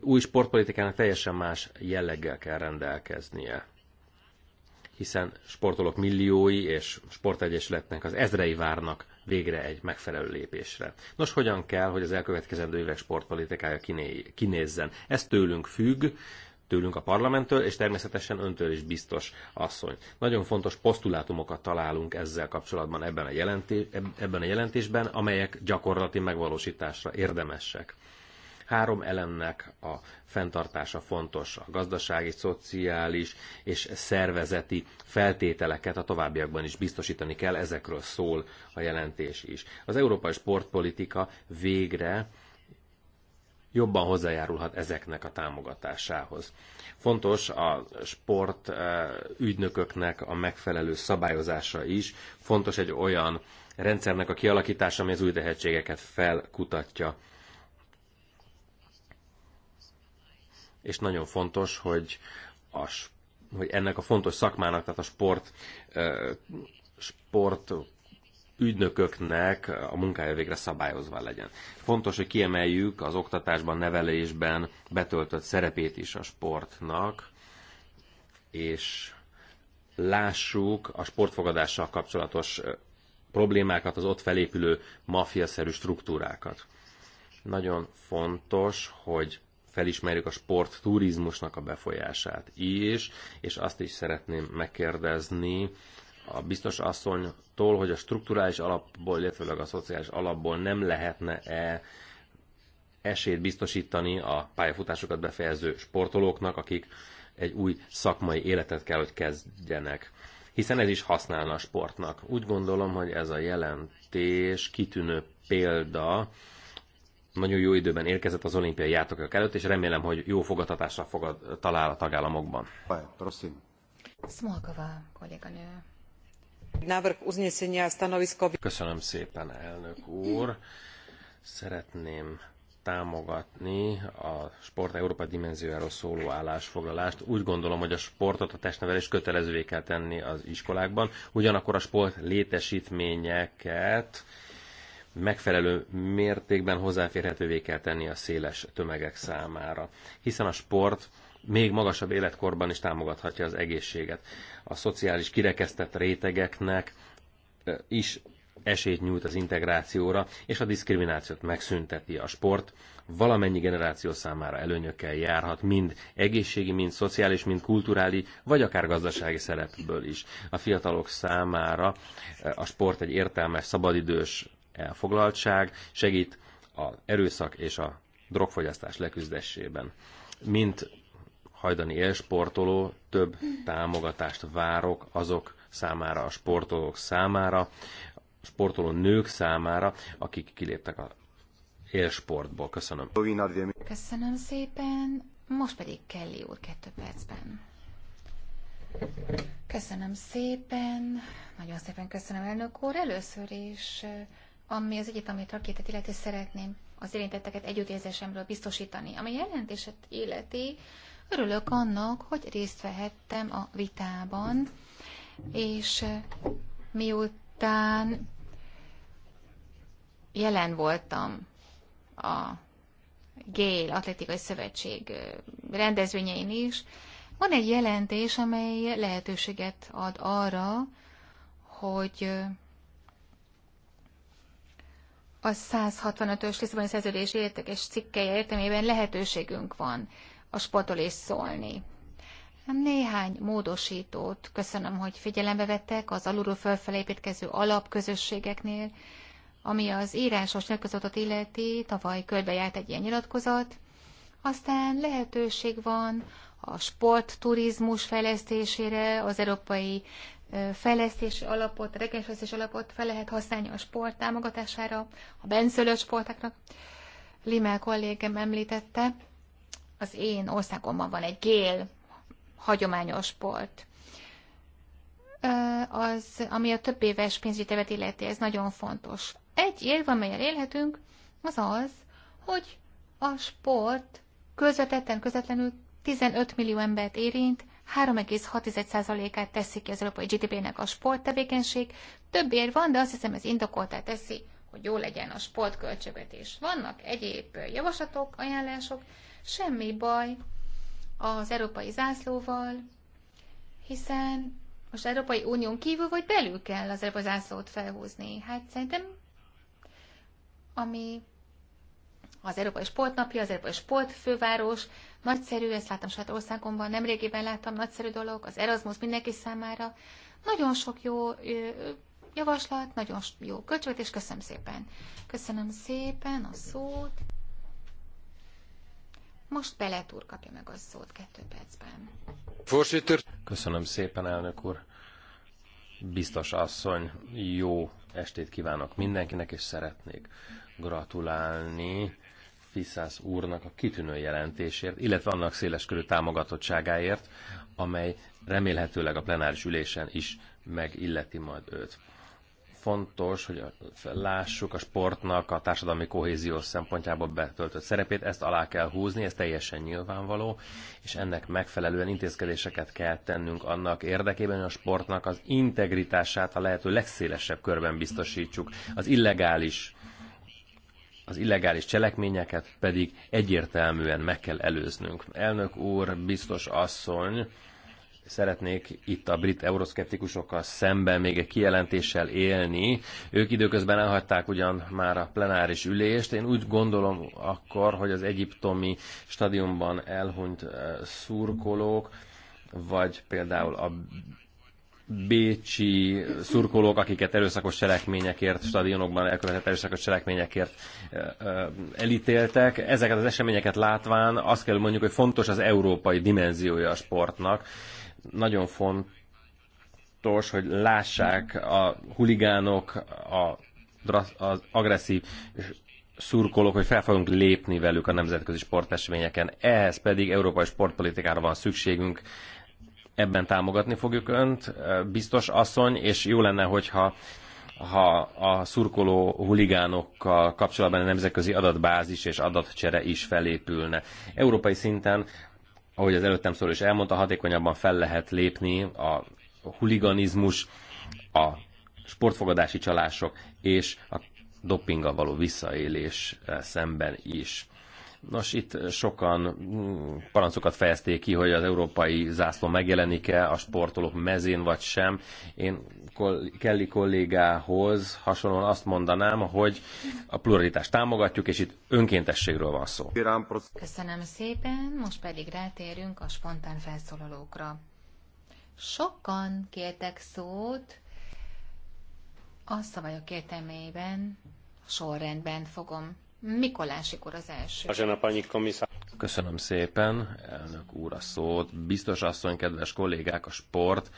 új sportpolitikának teljesen más jelleggel kell rendelkeznie hiszen sportolók milliói és sportegyesületnek az ezrei várnak végre egy megfelelő lépésre. Nos, hogyan kell, hogy az elkövetkezendő évek sportpolitikája kinézzen? Ez tőlünk függ, tőlünk a parlamenttől, és természetesen öntől is biztos asszony. Nagyon fontos posztulátumokat találunk ezzel kapcsolatban ebben a, jelenté, ebben a jelentésben, amelyek gyakorlati megvalósításra érdemesek. Három elemnek a fenntartása fontos, a gazdasági, szociális és szervezeti feltételeket a továbbiakban is biztosítani kell, ezekről szól a jelentés is. Az európai sportpolitika végre jobban hozzájárulhat ezeknek a támogatásához. Fontos a sport eh, ügynököknek a megfelelő szabályozása is, fontos egy olyan rendszernek a kialakítása, ami az új tehetségeket felkutatja és nagyon fontos, hogy, a, hogy ennek a fontos szakmának, tehát a sport, sport ügynököknek a munkája végre szabályozva legyen. Fontos, hogy kiemeljük az oktatásban, nevelésben betöltött szerepét is a sportnak, és lássuk a sportfogadással kapcsolatos problémákat, az ott felépülő mafiaszerű struktúrákat. Nagyon fontos, hogy felismerjük a sport turizmusnak a befolyását is, és azt is szeretném megkérdezni a biztos asszonytól, hogy a strukturális alapból, illetve a szociális alapból nem lehetne-e esélyt biztosítani a pályafutásokat befejező sportolóknak, akik egy új szakmai életet kell, hogy kezdjenek hiszen ez is használna a sportnak. Úgy gondolom, hogy ez a jelentés kitűnő példa nagyon jó időben érkezett az olimpiai játékok előtt, és remélem, hogy jó fogadtatásra fogad, talál a tagállamokban. Prosím. Smolková kolléganő. Köszönöm szépen, elnök úr. Szeretném támogatni a Sport Európa dimenziójáról szóló állásfoglalást. Úgy gondolom, hogy a sportot a testnevelés kötelezővé kell tenni az iskolákban, ugyanakkor a sport létesítményeket megfelelő mértékben hozzáférhetővé kell tenni a széles tömegek számára. Hiszen a sport még magasabb életkorban is támogathatja az egészséget. A szociális kirekesztett rétegeknek eh, is esélyt nyújt az integrációra, és a diszkriminációt megszünteti. A sport valamennyi generáció számára előnyökkel járhat, mind egészségi, mind szociális, mind kulturális, vagy akár gazdasági szerepből is. A fiatalok számára eh, a sport egy értelmes, szabadidős elfoglaltság, segít az erőszak és a drogfogyasztás leküzdésében. Mint hajdani élsportoló, több támogatást várok azok számára, a sportolók számára, a sportoló nők számára, akik kiléptek a élsportból. Köszönöm. Köszönöm szépen. Most pedig Kelly úr kettő percben. Köszönöm szépen, nagyon szépen köszönöm elnök úr. Először is ami az egyetemi rakétet illeti, szeretném az érintetteket együttérzésemről biztosítani. Ami jelentéset illeti, örülök annak, hogy részt vehettem a vitában, és miután jelen voltam a Gél Atletikai Szövetség rendezvényein is, van egy jelentés, amely lehetőséget ad arra, hogy a 165-ös Lisszaboni szerződés értékes cikkeje értelmében lehetőségünk van a sportolés szólni. Néhány módosítót köszönöm, hogy figyelembe vettek az alulról fölfelé építkező alapközösségeknél, ami az írásos nyilatkozatot illeti, tavaly körbejárt egy ilyen nyilatkozat, aztán lehetőség van a sportturizmus fejlesztésére, az európai fejlesztési alapot, regenszerzési alapot fel lehet használni a sport támogatására, a benszülött sportáknak. Limel kollégem említette, az én országomban van egy gél hagyományos sport. Az, ami a több éves pénzügyi tevet illeti, ez nagyon fontos. Egy érv, amelyel élhetünk, az az, hogy a sport közvetetten, közvetlenül 15 millió embert érint, 3,6%-át teszi ki az európai GDP-nek a sporttevékenység. Több ér van, de azt hiszem ez indokoltá teszi, hogy jó legyen a sportköltségvetés. Vannak egyéb javaslatok, ajánlások, semmi baj az európai zászlóval, hiszen most Európai Unión kívül vagy belül kell az európai zászlót felhúzni. Hát szerintem, ami az Európai Sportnapja, az Európai Sportfőváros, Nagyszerű, ezt láttam saját országomban, nemrégében láttam, nagyszerű dolog, az Erasmus mindenki számára. Nagyon sok jó javaslat, nagyon jó és köszönöm szépen. Köszönöm szépen a szót. Most Belet úr kapja meg a szót kettő percben. Köszönöm szépen, elnök úr. Biztos asszony, jó estét kívánok mindenkinek, és szeretnék gratulálni Fiszász úrnak a kitűnő jelentésért, illetve annak széleskörű támogatottságáért, amely remélhetőleg a plenáris ülésen is megilleti majd őt. Fontos, hogy lássuk a sportnak a társadalmi kohézió szempontjából betöltött szerepét, ezt alá kell húzni, ez teljesen nyilvánvaló, és ennek megfelelően intézkedéseket kell tennünk annak érdekében, hogy a sportnak az integritását a lehető legszélesebb körben biztosítsuk. Az illegális az illegális cselekményeket pedig egyértelműen meg kell előznünk. Elnök úr, biztos asszony, szeretnék itt a brit euroszkeptikusokkal szemben még egy kijelentéssel élni. Ők időközben elhagyták ugyan már a plenáris ülést. Én úgy gondolom akkor, hogy az egyiptomi stadionban elhunyt eh, szurkolók, vagy például a bécsi szurkolók, akiket erőszakos cselekményekért, stadionokban elkövetett erőszakos cselekményekért elítéltek. Ezeket az eseményeket látván azt kell mondjuk, hogy fontos az európai dimenziója a sportnak. Nagyon fontos, hogy lássák a huligánok, a, az agresszív szurkolók, hogy fel fogunk lépni velük a nemzetközi sporteseményeken. Ehhez pedig európai sportpolitikára van szükségünk, ebben támogatni fogjuk Önt, biztos asszony, és jó lenne, hogyha ha a szurkoló huligánokkal kapcsolatban a nemzetközi adatbázis és adatcsere is felépülne. Európai szinten, ahogy az előttem szóló is elmondta, hatékonyabban fel lehet lépni a huliganizmus, a sportfogadási csalások és a doppinggal való visszaélés szemben is. Nos, itt sokan mm, parancokat fejezték ki, hogy az európai zászló megjelenik-e a sportolók mezén vagy sem. Én Kelly kollégához hasonlóan azt mondanám, hogy a pluralitást támogatjuk, és itt önkéntességről van szó. Köszönöm szépen, most pedig rátérünk a spontán felszólalókra. Sokan kértek szót, a szavajok értelmében sorrendben fogom Mikolásik úr az első. Köszönöm szépen, elnök úr a szót. Biztos asszony, kedves kollégák, a sport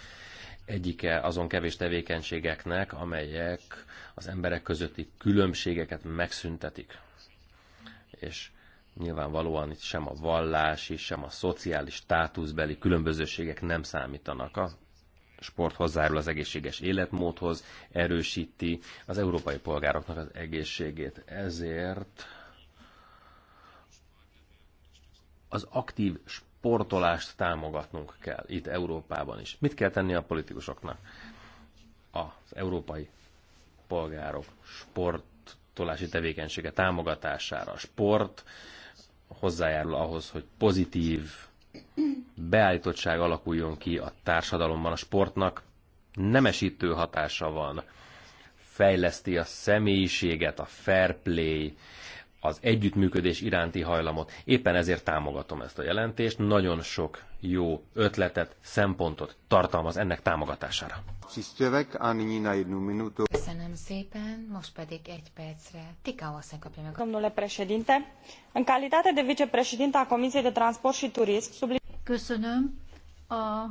egyike azon kevés tevékenységeknek, amelyek az emberek közötti különbségeket megszüntetik. És nyilvánvalóan itt sem a vallási, sem a szociális státuszbeli különbözőségek nem számítanak. A sport hozzájárul az egészséges életmódhoz, erősíti az európai polgároknak az egészségét. Ezért az aktív sportolást támogatnunk kell itt Európában is. Mit kell tenni a politikusoknak? Az európai polgárok sportolási tevékenysége támogatására. A sport hozzájárul ahhoz, hogy pozitív beállítottság alakuljon ki a társadalomban. A sportnak nemesítő hatása van, fejleszti a személyiséget, a fair play, az együttműködés iránti hajlamot. Éppen ezért támogatom ezt a jelentést. Nagyon sok jó ötletet, szempontot tartalmaz ennek támogatására. Köszönöm szépen, most pedig egy percre. Tika Olszen kapja meg. Domnule președinte, în calitate de vicepreședinte a Comisiei de Transport și Turism, Köszönöm. A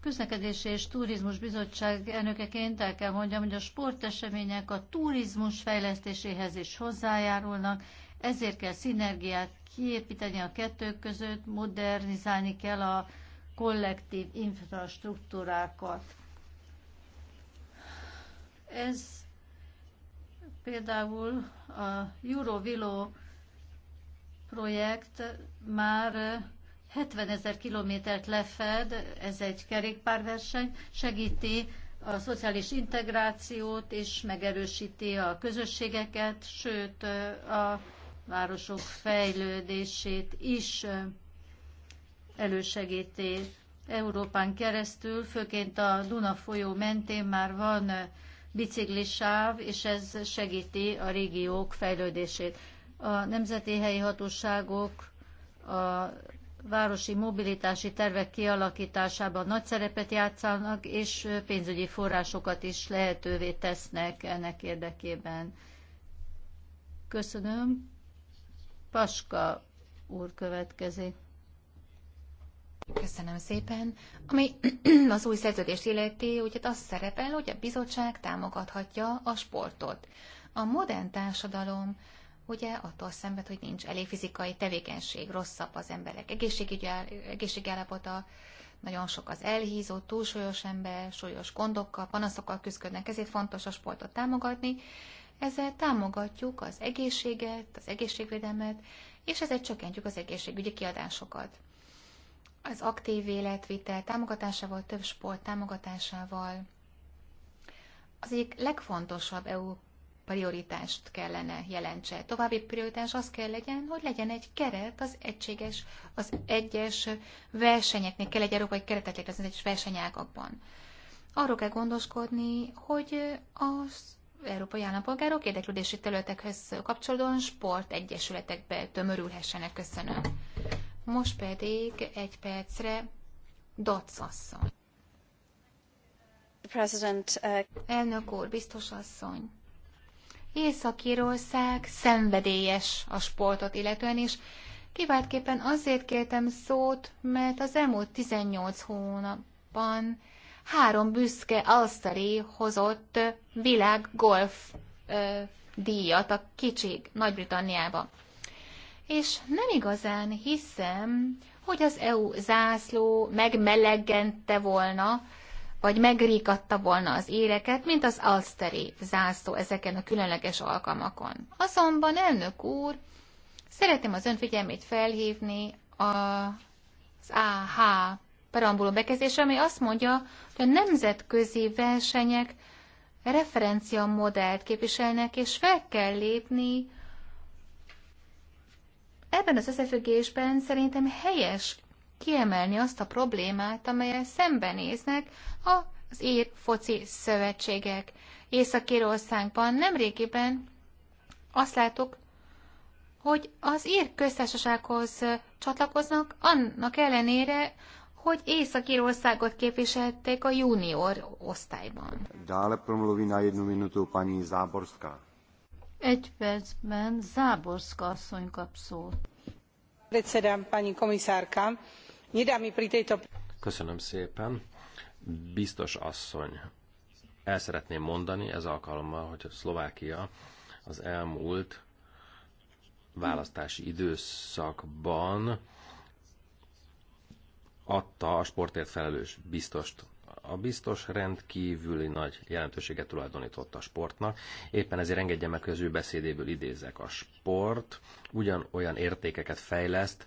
közlekedési és turizmus bizottság elnökeként el kell mondjam, hogy a sportesemények a turizmus fejlesztéséhez is hozzájárulnak, ezért kell szinergiát kiépíteni a kettők között, modernizálni kell a kollektív infrastruktúrákat. Ez például a Eurovilo projekt már 70 ezer kilométert lefed, ez egy kerékpárverseny, segíti a szociális integrációt és megerősíti a közösségeket, sőt a városok fejlődését is elősegíti. Európán keresztül, főként a Duna folyó mentén már van biciklisáv, és ez segíti a régiók fejlődését. A nemzeti helyi hatóságok a városi mobilitási tervek kialakításában nagy szerepet játszanak, és pénzügyi forrásokat is lehetővé tesznek ennek érdekében. Köszönöm. Paska úr következik. Köszönöm szépen. Ami *clears throat* az új szerződést illeti, hát az szerepel, hogy a bizottság támogathatja a sportot. A modern társadalom ugye attól szenved, hogy nincs elég fizikai tevékenység, rosszabb az emberek egészségügyi állapota, nagyon sok az elhízott, túlsúlyos ember, súlyos gondokkal, panaszokkal küzdködnek, ezért fontos a sportot támogatni. Ezzel támogatjuk az egészséget, az egészségvédelmet, és ezzel csökkentjük az egészségügyi kiadásokat. Az aktív életvitel támogatásával, több sport támogatásával, az egyik legfontosabb EU prioritást kellene jelentse. További prioritás az kell legyen, hogy legyen egy keret az egységes, az egyes versenyeknél kell egy európai keretet létrehozni az egyes versenyágakban. Arról kell gondoskodni, hogy az európai állampolgárok érdeklődési területekhez kapcsolódóan sportegyesületekbe tömörülhessenek. Köszönöm. Most pedig egy percre Dotz President, uh... Elnök úr, biztos asszony. Észak-Írország szenvedélyes a sportot illetően, és kiváltképpen azért kértem szót, mert az elmúlt 18 hónapban három büszke Alsztari hozott világ golf ö, díjat a kicsik Nagy-Britanniába. És nem igazán hiszem, hogy az EU zászló megmelegente volna vagy megríkatta volna az éreket, mint az Alsteri zászló ezeken a különleges alkalmakon. Azonban, elnök úr, szeretném az ön figyelmét felhívni az AH perambuló bekezdésre, ami azt mondja, hogy a nemzetközi versenyek referencia modellt képviselnek, és fel kell lépni Ebben az összefüggésben szerintem helyes kiemelni azt a problémát, amelyel szembenéznek az ír foci szövetségek. Észak-Írországban nemrégiben azt láttuk, hogy az ír köztársasághoz csatlakoznak, annak ellenére, hogy Észak-Írországot képviselték a junior osztályban. Dále promluví na jednu minutu pani Záborská. Egy percben Záborska asszony kap szót. Predsedám, pani komisárka, Köszönöm szépen. Biztos asszony, el szeretném mondani ez alkalommal, hogy a Szlovákia az elmúlt választási időszakban adta a sportért felelős biztost. A biztos rendkívüli nagy jelentőséget tulajdonított a sportnak, éppen ezért engedje meg, hogy az ő beszédéből idézek. A sport ugyanolyan értékeket fejleszt,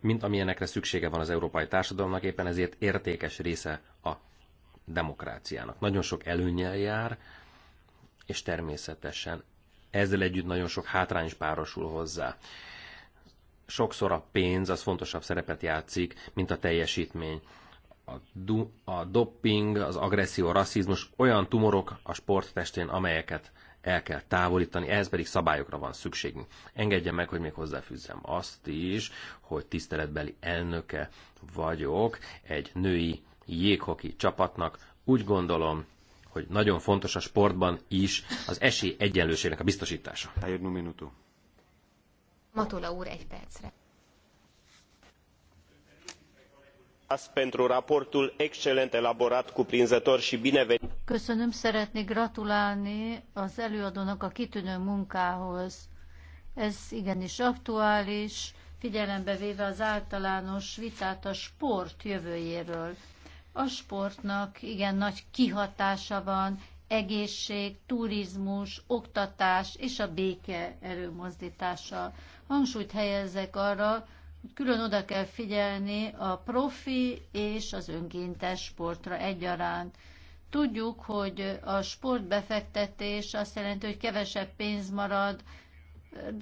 mint amilyenekre szüksége van az európai társadalomnak, éppen ezért értékes része a demokráciának. Nagyon sok előnyel jár, és természetesen ezzel együtt nagyon sok hátrány is párosul hozzá. Sokszor a pénz az fontosabb szerepet játszik, mint a teljesítmény. A, du- a dopping, az agresszió, a rasszizmus olyan tumorok a sporttestén, amelyeket el kell távolítani, ehhez pedig szabályokra van szükségünk. Engedje meg, hogy még hozzáfűzzem azt is, hogy tiszteletbeli elnöke vagyok egy női jéghoki csapatnak. Úgy gondolom, hogy nagyon fontos a sportban is az esély egyenlőségnek a biztosítása. Matula úr egy percre. pentru raportul excelent elaborat, cuprinzător și binevenit. Köszönöm, szeretnék gratulálni az előadónak a kitűnő munkához. Ez igenis aktuális, figyelembe véve az általános vitát a sport jövőjéről. A sportnak igen nagy kihatása van, egészség, turizmus, oktatás és a béke erőmozdítása. Hangsúlyt helyezek arra, külön oda kell figyelni a profi és az önkéntes sportra egyaránt. Tudjuk, hogy a sportbefektetés azt jelenti, hogy kevesebb pénz marad,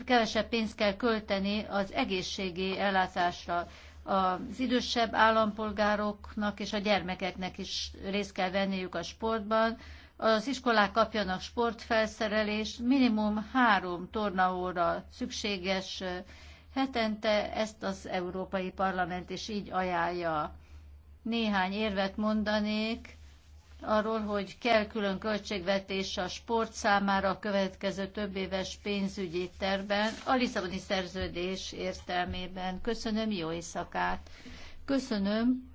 kevesebb pénzt kell költeni az egészségi ellátásra. Az idősebb állampolgároknak és a gyermekeknek is részt kell venniük a sportban. Az iskolák kapjanak sportfelszerelést, minimum három tornaóra szükséges Hetente ezt az Európai Parlament is így ajánlja. Néhány érvet mondanék arról, hogy kell külön költségvetés a sport számára a következő több éves pénzügyi terben, a Lisszaboni szerződés értelmében. Köszönöm, jó éjszakát! Köszönöm,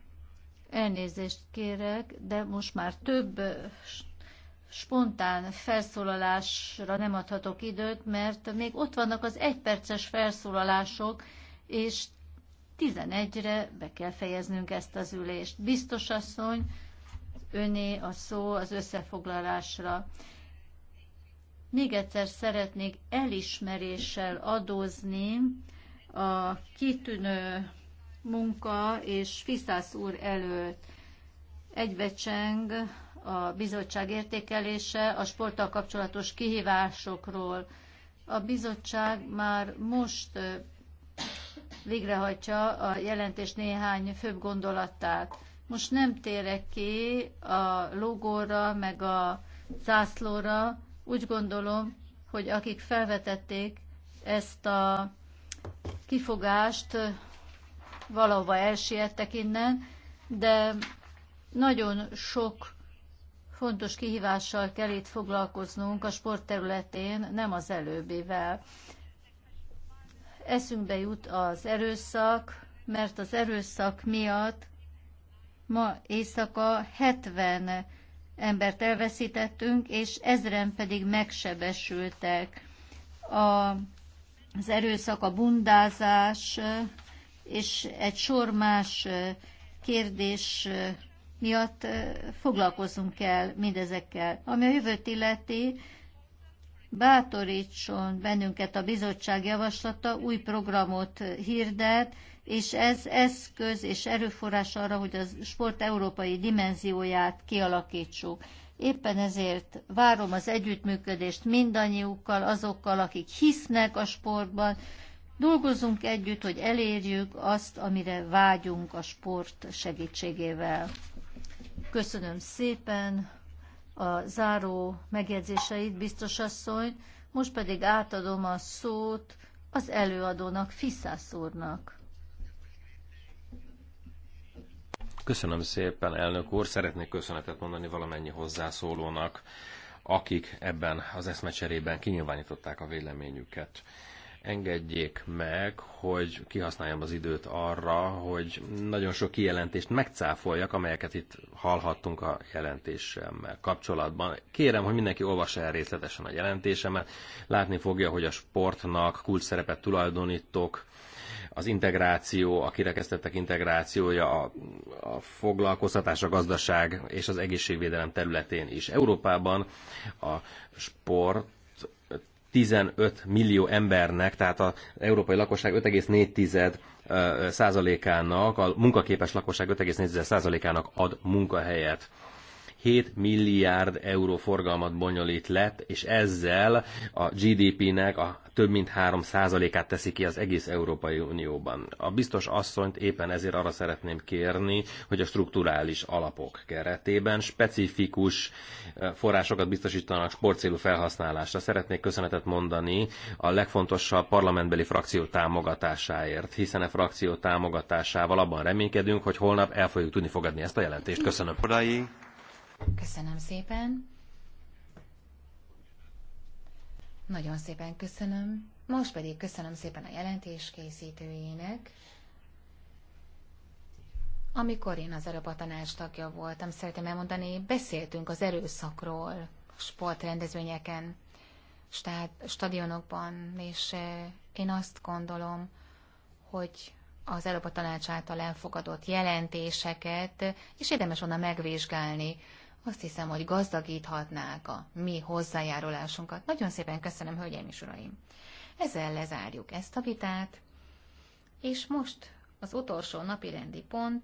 elnézést kérek, de most már több spontán felszólalásra nem adhatok időt, mert még ott vannak az egyperces felszólalások, és 11-re be kell fejeznünk ezt az ülést. Biztos asszony, öné a szó az összefoglalásra. Még egyszer szeretnék elismeréssel adózni a kitűnő munka és Fiszász úr előtt egybecseng a bizottság értékelése a sporttal kapcsolatos kihívásokról. A bizottság már most végrehajtja a jelentés néhány főbb gondolatát. Most nem térek ki a logóra, meg a zászlóra. Úgy gondolom, hogy akik felvetették ezt a kifogást, valahova elsiettek innen, de nagyon sok Fontos kihívással kell itt foglalkoznunk a sport területén, nem az előbbivel. Eszünkbe jut az erőszak, mert az erőszak miatt ma éjszaka 70 embert elveszítettünk, és ezren pedig megsebesültek. A, az erőszak, a bundázás és egy sor más kérdés miatt foglalkozunk kell mindezekkel. Ami a jövőt illeti, bátorítson bennünket a bizottság javaslata, új programot hirdet, és ez eszköz és erőforrás arra, hogy a sport európai dimenzióját kialakítsuk. Éppen ezért várom az együttműködést mindannyiukkal, azokkal, akik hisznek a sportban. Dolgozunk együtt, hogy elérjük azt, amire vágyunk a sport segítségével. Köszönöm szépen a záró megjegyzéseit, biztos asszony. Most pedig átadom a szót az előadónak, Fiszász úrnak. Köszönöm szépen, elnök úr. Szeretnék köszönetet mondani valamennyi hozzászólónak, akik ebben az eszmecserében kinyilvánították a véleményüket engedjék meg, hogy kihasználjam az időt arra, hogy nagyon sok kijelentést megcáfoljak, amelyeket itt hallhattunk a jelentésemmel kapcsolatban. Kérem, hogy mindenki olvassa el részletesen a jelentésemet, látni fogja, hogy a sportnak kulcs szerepet tulajdonítok, az integráció, a kirekesztettek integrációja, a, a foglalkoztatás, a gazdaság és az egészségvédelem területén is. Európában a sport 15 millió embernek, tehát az európai lakosság 5,4 százalékának, a munkaképes lakosság 5,4 százalékának ad munkahelyet. 7 milliárd euró forgalmat bonyolít lett, és ezzel a GDP-nek a több mint 3 százalékát teszi ki az egész Európai Unióban. A biztos asszonyt éppen ezért arra szeretném kérni, hogy a strukturális alapok keretében specifikus eh, forrásokat biztosítanak sportcélú felhasználásra. Szeretnék köszönetet mondani a legfontosabb parlamentbeli frakció támogatásáért, hiszen a e frakció támogatásával abban reménykedünk, hogy holnap el fogjuk tudni fogadni ezt a jelentést. Köszönöm. Odai. Köszönöm szépen. Nagyon szépen köszönöm. Most pedig köszönöm szépen a jelentés készítőjének. Amikor én az Európa Tanács tagja voltam, szeretném elmondani, beszéltünk az erőszakról sportrendezvényeken, stadionokban, és eh, én azt gondolom, hogy az Európa Tanács által elfogadott jelentéseket, és érdemes onnan megvizsgálni azt hiszem, hogy gazdagíthatnák a mi hozzájárulásunkat. Nagyon szépen köszönöm, hölgyeim és uraim! Ezzel lezárjuk ezt a vitát, és most az utolsó napi rendi pont,